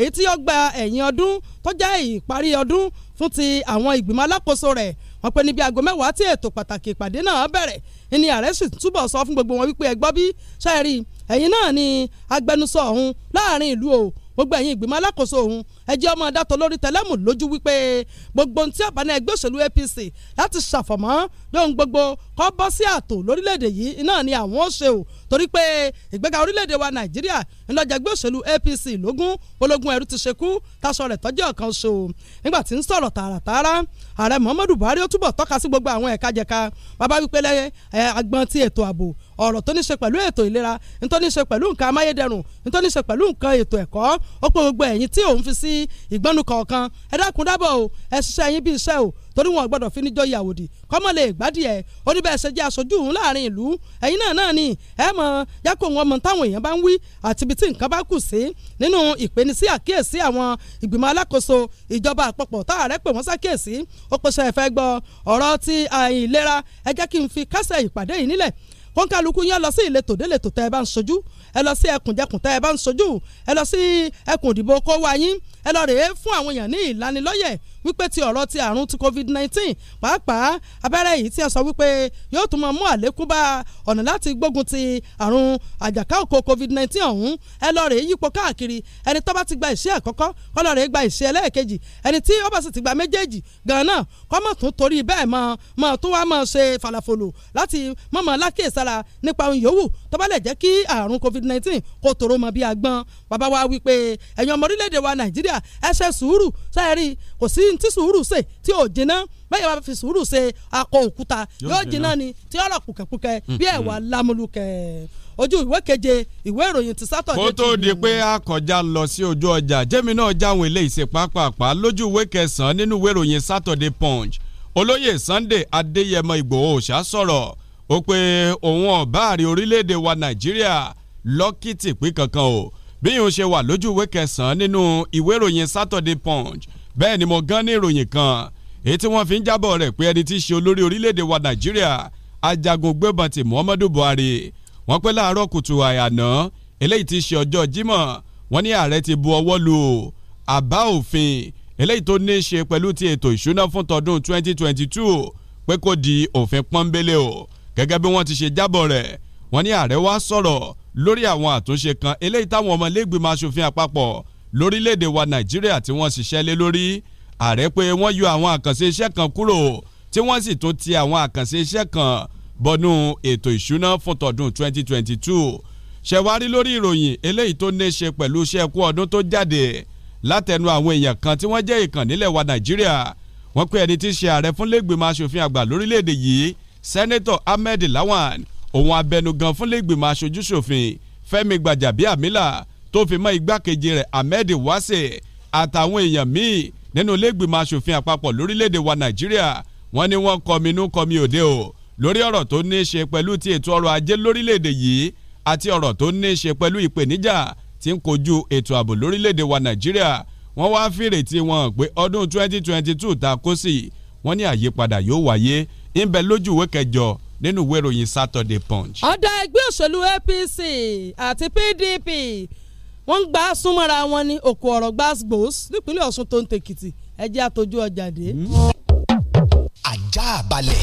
èyí tí ó gba ẹ̀yìn ọdún tó jẹ́ ìparí ọdún fún ti àwọn ìgbìmọ̀ alákòóso rẹ̀ wọ́n pẹ́ níbi aago mẹ́wàá tí ètò pàtàkì ìpàdé náà bẹ̀rẹ̀ ni ààrẹ sì túbọ̀ sọ fún gbogbo wọn wípé ẹ gbọ́ bí ṣẹ́ẹ̀rì ẹ̀yìn náà ni agbẹnusọ ọ̀hún láàrin ìlú o gbogbo ẹ̀yin ìgbìmọ̀ alákòóso ọ̀hún ẹjẹ́ ọmọ dátọ̀ lórí tẹlẹ́mù lójú wípé gbogbo ohun tí àbáná ẹgbẹ́ òṣèlú APC láti ṣàfọ̀mọ́ lóhun gbogbo kọ́ bọ́ sí ààtò lórílẹ̀‐èdè yìí náà ni àwọn ó ṣe o torí pé ìgbéga orílẹ̀-èdè wa nàìjíríà ńlọjà gbé òṣèlú APC lógún ológun ẹ̀rú ti ṣekú táṣọ rẹ̀ tọ́jú ọ̀kan ṣo nígbà tí ń sọ̀rọ̀ tààràtààrà ààrẹ muhammadu buhari ó túbọ̀ tọ́ka sí gbogbo àwọn ẹ̀ka jẹ̀ka bàbá wípé lẹ́yìn agbọ́n ti ètò ààbò ọ̀rọ̀ tó ní ṣe pẹ̀lú ètò ìlera ntó ní ṣe pẹ̀lú nǹkan amáyédẹrùn ntó ní ṣe pẹ̀lú nǹkan ètò ẹ̀kọ́ ó pé gbogbo ẹ̀yin tí òun fi sí ìgbọ́nu kọ̀ọ̀kan ẹ dákun dábọ̀ o ẹ ṣiṣẹ́ yín bí iṣẹ́ o torí wọn gbọ́dọ̀ fi níjọ ìyàwòdì kọmọ lè gbádìí ẹ oníbẹ̀ẹ́sẹ̀ jẹ́ aṣojú òun láàrin ìlú ẹ̀yin náà náà ni ẹ mọ yàkó wọn mọ táwọn èèyàn bá ń wí àti ibi tí nǹkan bá kù sí nínú ìpènisí àkíyèsí àwọn ìgbìmọ̀ alákòóso ìjọba àpapọ̀ táàrẹ́ pè wọ́n ṣàkíyèsí ó pèsè ẹ̀fẹ́ gbọ́ ọ̀rọ̀ ti àìlera ẹ jẹ́ kí n fi kásẹ̀ ìpàdé yìí nílẹ̀ kóńkálukú yẹn lọ sí ìletò délètò tẹ́ ẹ bá ń sojú ẹ lọ sí ẹkùnjẹkùn tẹ́ ẹ bá ń sojú ẹ lọ sí ẹkùn òdìbò kó wá yín ẹ lọ rèé fún àwọn èèyàn ní ìlanilọ́yẹ̀ wípé ti ọ̀rọ̀ ti àrùn ti covid-19 pàápàá abẹ́rẹ́ yìí tí ẹ sọ wípé yóò tún máa mú àlékún bá ọ̀nà láti gbógun ti àrùn àjàká òkò covid-19 ọ̀hún ẹ lọ rèé yípo káàkiri ẹni tó bá ti gba ìṣe àkọ́kọ́ kọ́ lọ rèé gba ìṣe ẹlẹ́ẹ̀kejì ẹni tí ó bá sì ti gba méjèèjì gan-an kọ́ mọ̀ tún torí bẹ́ẹ̀ mọ̀ mọ̀ tó wá mọ̀ ṣe fàlàfòlò láti mọ̀mọ́ lákèsára nípa ohun yòówù tó bá lè jẹ́ kí àrùn covid-19 kó tòrò mọ́ bí agbọ́n bàbá wa wípé ẹ̀yin ọmọ orílẹ̀-èdè wa nàìjíríà nàìjíríà ẹ ṣe sùúrù sẹ́ẹ̀rì kò sí ti sùúrù ṣe tí ò jiná bẹ́ẹ̀ bá fi sùúrù ṣe akọ òkúta yóò jiná ni tí ọ̀rọ̀ kùkẹ́kùkẹ́ mm-hmm. bí ẹ̀wà lámúlùkẹ́ ojú ìwé keje ìwé ìròyìn ti sátọ̀dẹ̀ kó tó di pé a kọjá lọ sí ojú ọjà jẹ́mi náà jáwé ilé ìṣe lójú ìwé kẹsàn-án nínú ìwé ìròyìn Saturday Punch olóyè Sunday Adéyẹmọ Ìgbòho Òòṣà sọ̀rọ̀ ó pé òun ọ̀báàrí orílẹ̀-èdè wa Nàìjíríà lọ́kìtì pín kankan o bí yóò ṣe wà lójú ìwé kẹsàn-án nínú ìwé ìròyìn Saturday Punch bẹ́ẹ̀ ni mo gan ní ìròyìn kan èyí tí wọ́n fi ń jábọ̀ rẹ̀ pé ẹni tí í ṣe olórí orílẹ̀-èdè wa Nàìjíríà ajagun gbébọn ti Muhammadu Buhari wọ́n pé láàárọ̀ kùtù àyànà eléyìí ti ṣe ọjọ́ Jímọ̀ wọ́n ní ààrẹ ti bu ọwọ́ lu àbá òfin eléyìí tó ní í ṣe pẹ̀lú ti ètò ìṣúná fún tọdún 2022 pé kó di òfin pọ́nbélé o gẹ́gẹ́ bí wọ́n ti ṣe jábọ̀ rẹ̀ wọ́n ní ààrẹ wá sọ̀rọ̀ lórí àwọn àtúnṣe kan eléyìí táwọn ọmọlẹ́gbìmọ̀ aṣòfin àpapọ̀ lórílẹ̀‐èdè wa nàìjíríà tí wọ́n ṣiṣẹ́ lé lórí ààrẹ pé wọ́n yọ àwọn àkànṣe iṣẹ́ kan kúrò tí wọ́n sì tún ti àwọn àkànṣe iṣẹ́ kan bọnú ètò ìṣúná fún tọdún 2022 ṣẹ̀wárí lórí ìròyìn eléyìí tó ní ṣe pẹ̀lú iṣẹ́ ẹ̀kú ọdún tó jáde látẹnu àwọn èèyàn kan tí wọ́n jẹ́ ìkàn nílẹ̀ wa nàìjíríà wọ́n pé ẹni tí í ṣe ààrẹ fúnlẹ́gbìmọ̀ aṣòfin àgbà lórílẹ̀ yìí sẹ́nẹ́tọ̀ Ahmed Lawan òun abẹnugan fúnlẹ̀gbìmọ̀ aṣojúṣòfin Fẹ́mi Gbàjàbíàmílà tó fi mọ́ igbákejì rẹ̀ Ahmed Wase àtàwọn èèyàn míì nínú ilégbìmọ̀ aṣòfin àpapọ̀ lórílẹ̀‐èdè wa Nàìjíríà wọ́n ní wọ́n kọminú kọmi òde o lórí ọ̀rọ̀ tó ní í ṣe pẹ̀lú ti ètò ọrọ̀ ajé lórílẹ̀‐èdè yìí àti ọ̀rọ̀ tó ní í ṣe pẹ̀lú ìpèníjà tí ń kojú ètò ààbò lórílẹ̀‐èdè wa Nàìjíríà wọ́n wá fìrètí wọn pé ọdún 2022 ta kó sí wọ́n ní àyípadà yóò wáyé ń bẹ kẹjọ nínú ìwé ìròyìn Saturday Punch. ọ̀dọ̀ ẹgbẹ́ òṣèlú APC àti PDP wọ́n ń gbá súnmọ́ra wọn ní òkú ọ̀rọ̀ gbàgbós nípínlẹ̀ Ọ̀ṣun tó ń tèkìtì ẹjẹ́ àtọ́jú ọjà dé. ajá balẹ̀.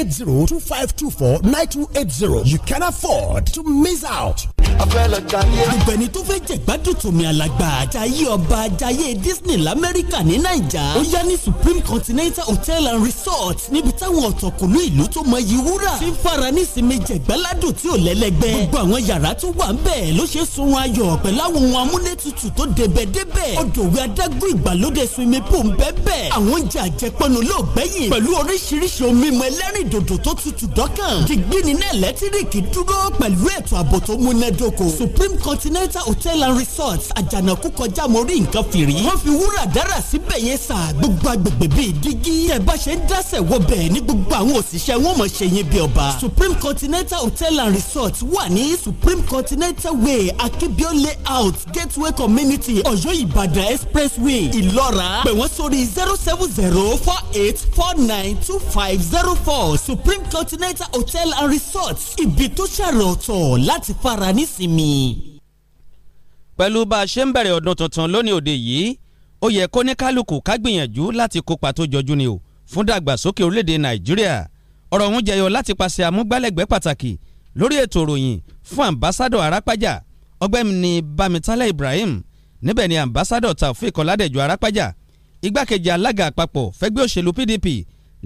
eight zero two five two four nine two eight zero. You can afford to miss out. Àgbẹ̀ni tó fẹ́ jẹ̀gbádùn tòmí alàgbà àjàyè ọba àjàyè Disney l'Amẹ́ríkà ní Nàìjà. Ó yá ní Supreme Continental Hotel and Resort níbi táwọn ọ̀tọ̀kùnlú ìlú tó mọ iyì wúrà. Fi ń fara nísinmi jẹ̀gbáládùn tí ò lẹ́lẹ́gbẹ́. Gbogbo àwọn yàrá tó wà ń bẹ̀ ló ṣe sun ayọ̀ pẹ̀lú àwọn ohun amúlétutù tó débẹ̀débẹ̀. Odòwe adágún ìgbàlódé swimming pool ń bẹ́ẹ̀ bẹ́ẹ̀. Àwọn dòdò tó tutù dọ́kàn dìgbìnínà ẹ̀lẹ́tíríkì dúró pẹ̀lú ètò ààbò tó múnádóko Supreme Continental Hotel and Resort àjànàkú kọjá mo rí nǹkan fìrí wọ́n fi wúrà dára síbẹ̀ yẹn sà gbogbo agbègbè bíi dígí ẹ̀ bá ṣe ń dásẹ̀ wọ bẹ̀ ní gbogbo àwọn òṣìṣẹ́ wọn mọ̀ ṣe yín bí ọba Supreme Continental Hotel and Resort wà ní Supreme Continental Way Akibio Layout Gateway Community Ọ̀yọ́ Ìbàdàn Expressway Ìlọ́ra pè wọ́n sórí zero seven zero four eight four nine two five zero four supreme continental hotel and resorts ibi tó ṣàrẹ̀ ọ̀tọ̀ láti fara nísìmí. pẹ̀lú bá a ṣe ń bẹ̀rẹ̀ ọdún tuntun lónìí òde yìí ó yẹ kó ní kálukú ká gbìyànjú láti kópa tó jọjú ni o fún dàgbàsókè orílẹ̀-èdè nàìjíríà ọ̀rọ̀ ọ̀hún jẹyọ láti pàṣẹ àmúgbálẹ́gbẹ̀ẹ́ pàtàkì lórí ètò òròyìn fún àmbásádọ̀ arápájà ọgbẹ́ni bamitálẹ̀ ibrahim níbẹ̀ ni àmbásádọ̀ taofik ọládẹ̀jọ arápájà igbákejì alága àpapọ̀ fẹ́gbẹ́ òṣèlú pdp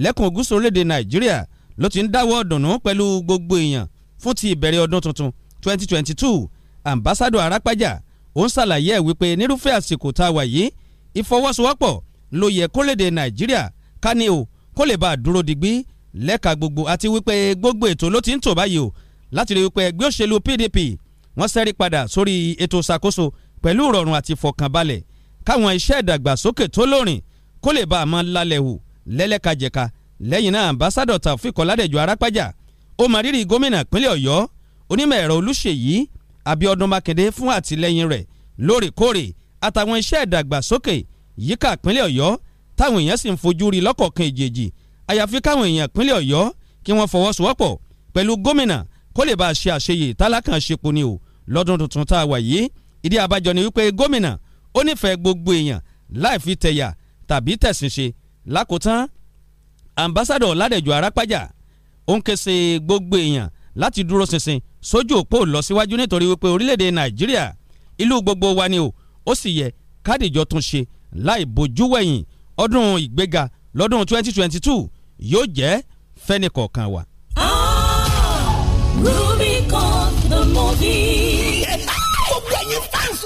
lẹ́kùn gúúsù orílẹ̀-èdè nàìjíríà ló ti ń dáwọ́ dùnú pẹ̀lú gbogbo èèyàn fún ti ìbẹ̀rẹ̀ ọdún tuntun 2022 ambassadọ arápájà ó ń ṣàlàyé ẹ̀ wípé nírúfẹ́ àsìkò tá a wà yìí ìfọwọ́sowọ́pọ̀ ló yẹ kólédè nàìjíríà ká ní o kó lè bá a dúró digbí lẹ́ka gbogbo àti wípé gbogbo ètò ló ti ń tò báyìí o láti rí wípé ẹgbẹ́ òṣèlú PDP wọ́n ṣẹ́rí padà sórí ètò ìṣàkóso pẹ̀lú ìrọ̀rùn àti ìfọ̀kànbalẹ̀ káwọn iṣẹ́ ìdàgbàsókè tó lóòrìn kó lè bá a máa lálẹ́ wò lẹ́lẹ́kajẹ̀ka lẹ́yìn náà ambassadọ̀ Taofik Ọládẹ̀jọ Arápájà ó mọ rírì gómìnà ìpínlẹ̀ Ọ̀yọ́ onímọ̀ ẹ̀rọ Olúṣèyí Abíọ́dún Mákindé fún àtìlẹ́yìn rẹ̀ lóòrèkóòrè àtàwọn iṣẹ́ ìdàgbàsókè yíká ìpínlẹ̀ Ọ̀yọ́ táwọn èèyàn sì ń fojú rí lọ́kọ̀ọ̀kan èjèèjì àyàfi káwọn èèyàn ìpínlẹ̀ Ọ̀yọ́ kí wọ́n fọwọ́sowọ́pọ̀ pẹ̀lú gómìnà kó lè bá a ṣe àṣeyè tálákànṣepọ̀ ni o lọ́dún tuntun tá a wà yìí ìdí abájọ ni wípé gómìnà ó nífẹ̀ẹ́ gbogbo èèyàn láì fi tẹ̀yà tàbí tẹ̀sìn ṣe lákòótán ambassadọ Ládẹ̀jọ Arápájà ó ń ké sí gbogbo èèyàn láti dúró ṣinṣin sójú òpó lọsíwájú nítorí wípé orílẹ̀-èdè Nàìjíríà ìlú gbogbo wa ni o ó sì yẹ kádìjọ tún ṣe láì bojú wẹ̀yìn ọdún ìgbéga lọ́dún 2022 yóò jẹ́ fẹ́nìkọ̀ọ̀kan wa. Rubicon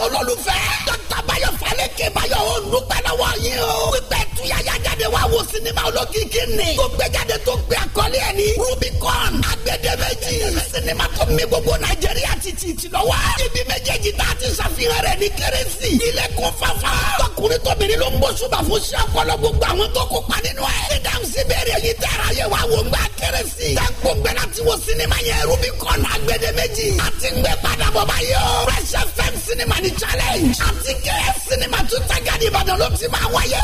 olólùfẹ́. dókítà Báyọ̀ Fálékè Báyọ̀ ó dúpẹ́ lọ́wọ́ o. pípẹ́ yáyájáde wa wo sinimá olókìkí ni. tó gbé jáde tó gbé àkọlé ẹni. Rubicon agbẹdẹmẹjì sinimá tó mi gbogbo Nàìjíríà títí ti lọ wá. ibi méjèèjì tá a ti ṣàfihàn rẹ̀ ní kérésì. ilẹ̀kùn fafa. tọkùnrin tóbìnrin ló ń bó ṣùgbọ́n fún ṣàkọlọ gbogbo àwọn tó kópa nínú ẹ̀. ìdáhùn sí bẹ́ẹ̀rẹ̀ yìí tẹ̀ra yẹ wá wò ń gbà kérésì. tẹ́kùn gbẹ láti wo sinimá yẹn Rubicon agbẹdẹmẹjì. a ti gbẹ padà bọ̀ báyọ̀. Fresh FM sinimá ni challenge. àti kẹ́ sinimá tún tàgádì Ìbàdàn ló ti máa wáyé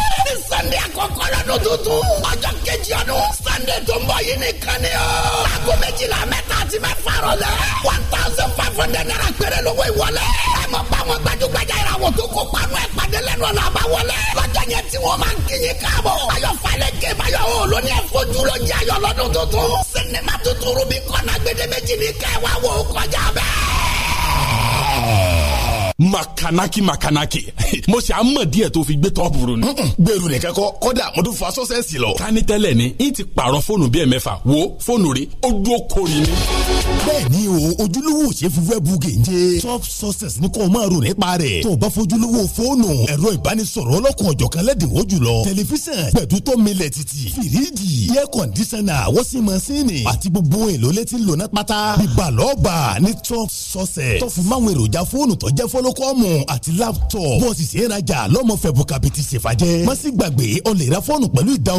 sátidé àkọ́kọ́ lọ́dún tuntun ọjọ́ kejì ọdún sànńdé tó ń bọ̀ yìí nìkan ni ó. aago méjìlá mẹ́ta àti mẹ́fà rọ̀lẹ́ one thousand five hundred naira péré lówó ìwọlé. ẹ mọ̀ bá wọn gbajúgbajà ìràwọ̀ tó kó panu ẹ̀ pàdé lẹ́nu ọ̀nà àbáwọlé. lọ́jọ́ yẹn tí wọ́n máa ń kíyìn káàbọ̀. ayọ̀ falẹ̀ ké bayọ̀ o ló ní ẹ̀fọ́jú ló jẹ́ ayọ̀ lọ́dún tuntun. sinimá tuntun rubicon agbèdémèjì ní kẹwàá wò kọjá bẹ́ẹ̀ makanaki makanaki mo ṣe àmọ̀ díẹ̀ tó fi gbé tọ́pù rò ni. gbèrú nìkan kọ kọ́dà mo tún fa sọ́sẹ̀sì lọ. ká ní tẹ́lẹ̀ ni n ti pààrọ̀ fóònù bíi ẹ̀mẹ́fà wo fóònù rí ó dúró kori ni. bẹ́ẹ̀ni o ojúlówó ṣe fi wẹ́ẹ̀bù gèje top success ní kò máa rò nípa rẹ̀ tó o bá fojúlówó fóònù ẹ̀rọ ìbánisọ̀rọ̀ ọlọ́kùn ọ̀jọ̀kan lẹ́dínwó jùlọ tẹlifíṣàn pẹ̀tùtọ́ milẹ̀ títì fìríjì air conditioner wọ́sí masínì àti gbogbo èlò létí lónà pátá bíbalọ́ọ̀bà ní top success tó fi máwọn èròjà fóònù tó jẹ́ fọ́l kọ́lọ́kọ́mù àti laptop bọ́ọ̀sì sí ìrajà lọ́mọ fẹ̀bùkàbìtì ṣèfàjẹ́ má sì gbàgbé ọ lè ra fọ́ọ̀nù pẹ̀lú ìdá